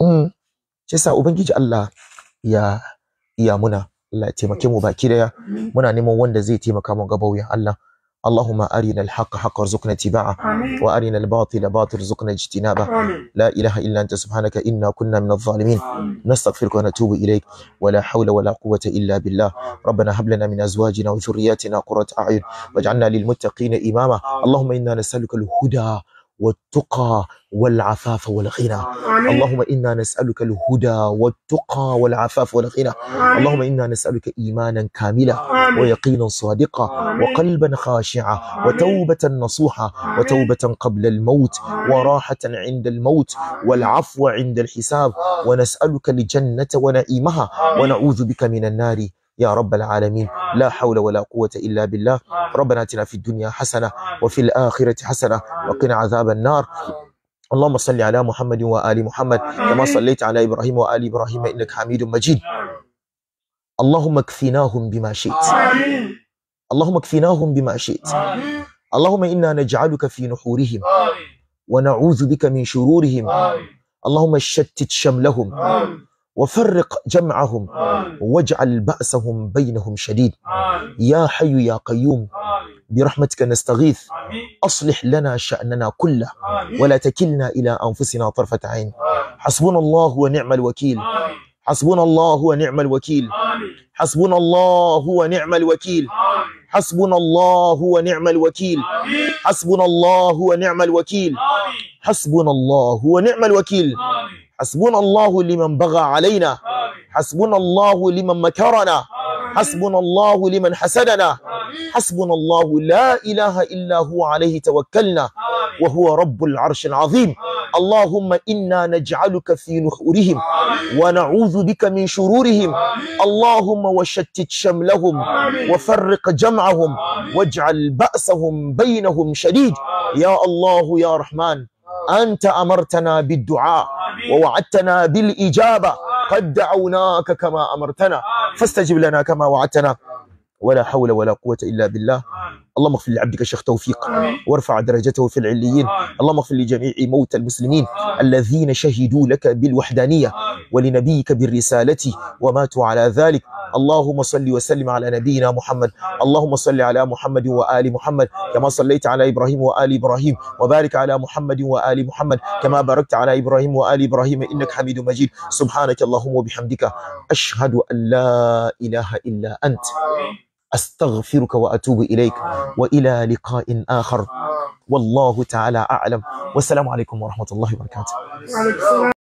mm shi sa ubangiji Allah ya ya muna Allah ya taimake mu baki daya muna neman wanda zai taimaka mu ga bauyan Allah اللهم أرنا الحق حق ارزقنا اتباعه وأرنا الباطل باطل ارزقنا اجتنابه لا إله إلا أنت سبحانك إنا كنا من الظالمين نستغفرك ونتوب إليك ولا حول ولا قوة إلا بالله ربنا هب لنا من أزواجنا وذرياتنا قرة أعين واجعلنا للمتقين إماما اللهم إنا نسألك الهدى والتقى والعفاف والغنى اللهم إنا نسألك الهدى والتقى والعفاف والغنى اللهم إنا نسألك إيمانا كاملا ويقينا صادقا وقلبا خاشعا وتوبة نصوحة وتوبة قبل الموت وراحة عند الموت والعفو عند الحساب ونسألك الجنة ونعيمها ونعوذ بك من النار يا رب العالمين لا حول ولا قوة إلا بالله ربنا اتنا في الدنيا حسنة وفي الآخرة حسنة وقنا عذاب النار اللهم صل على محمد وآل محمد كما صليت على إبراهيم وآل إبراهيم إنك حميد مجيد اللهم اكفناهم بما شئت اللهم اكفناهم بما شئت اللهم إنا نجعلك في نحورهم ونعوذ بك من شرورهم اللهم شتت شملهم وفرق جمعهم واجعل بأسهم بينهم شديد يا حي يا قيوم برحمتك نستغيث أصلح لنا شأننا كله ولا تكلنا إلى أنفسنا طرفة عين حسبنا الله ونعم الوكيل حسبنا الله ونعم الوكيل حسبنا الله ونعم الوكيل حسبنا الله ونعم الوكيل حسبنا الله ونعم الوكيل حسبنا الله ونعم الوكيل حسبنا الله لمن بغى علينا حسبنا الله لمن مكرنا حسبنا الله لمن حسدنا حسبنا الله لا إله إلا هو عليه توكلنا وهو رب العرش العظيم اللهم إنا نجعلك في نحورهم ونعوذ بك من شرورهم اللهم وشتت شملهم وفرق جمعهم واجعل بأسهم بينهم شديد يا الله يا رحمن أنت أمرتنا بالدعاء ووعدتنا بالإجابة قد دعوناك كما أمرتنا فاستجب لنا كما وعدتنا ولا حول ولا قوة إلا بالله اللهم اغفر لعبدك الشيخ توفيق وارفع درجته في العليين اللهم اغفر لجميع موتى المسلمين الذين شهدوا لك بالوحدانية ولنبيك بالرسالة وماتوا على ذلك اللهم صل وسلم على نبينا محمد اللهم صل على محمد وآل محمد كما صليت على إبراهيم وآل إبراهيم وبارك على محمد وآل محمد كما باركت على إبراهيم وآل إبراهيم إنك حميد مجيد سبحانك اللهم وبحمدك أشهد أن لا إله إلا أنت أستغفرك وأتوب إليك وإلى لقاء آخر والله تعالى أعلم والسلام عليكم ورحمة الله وبركاته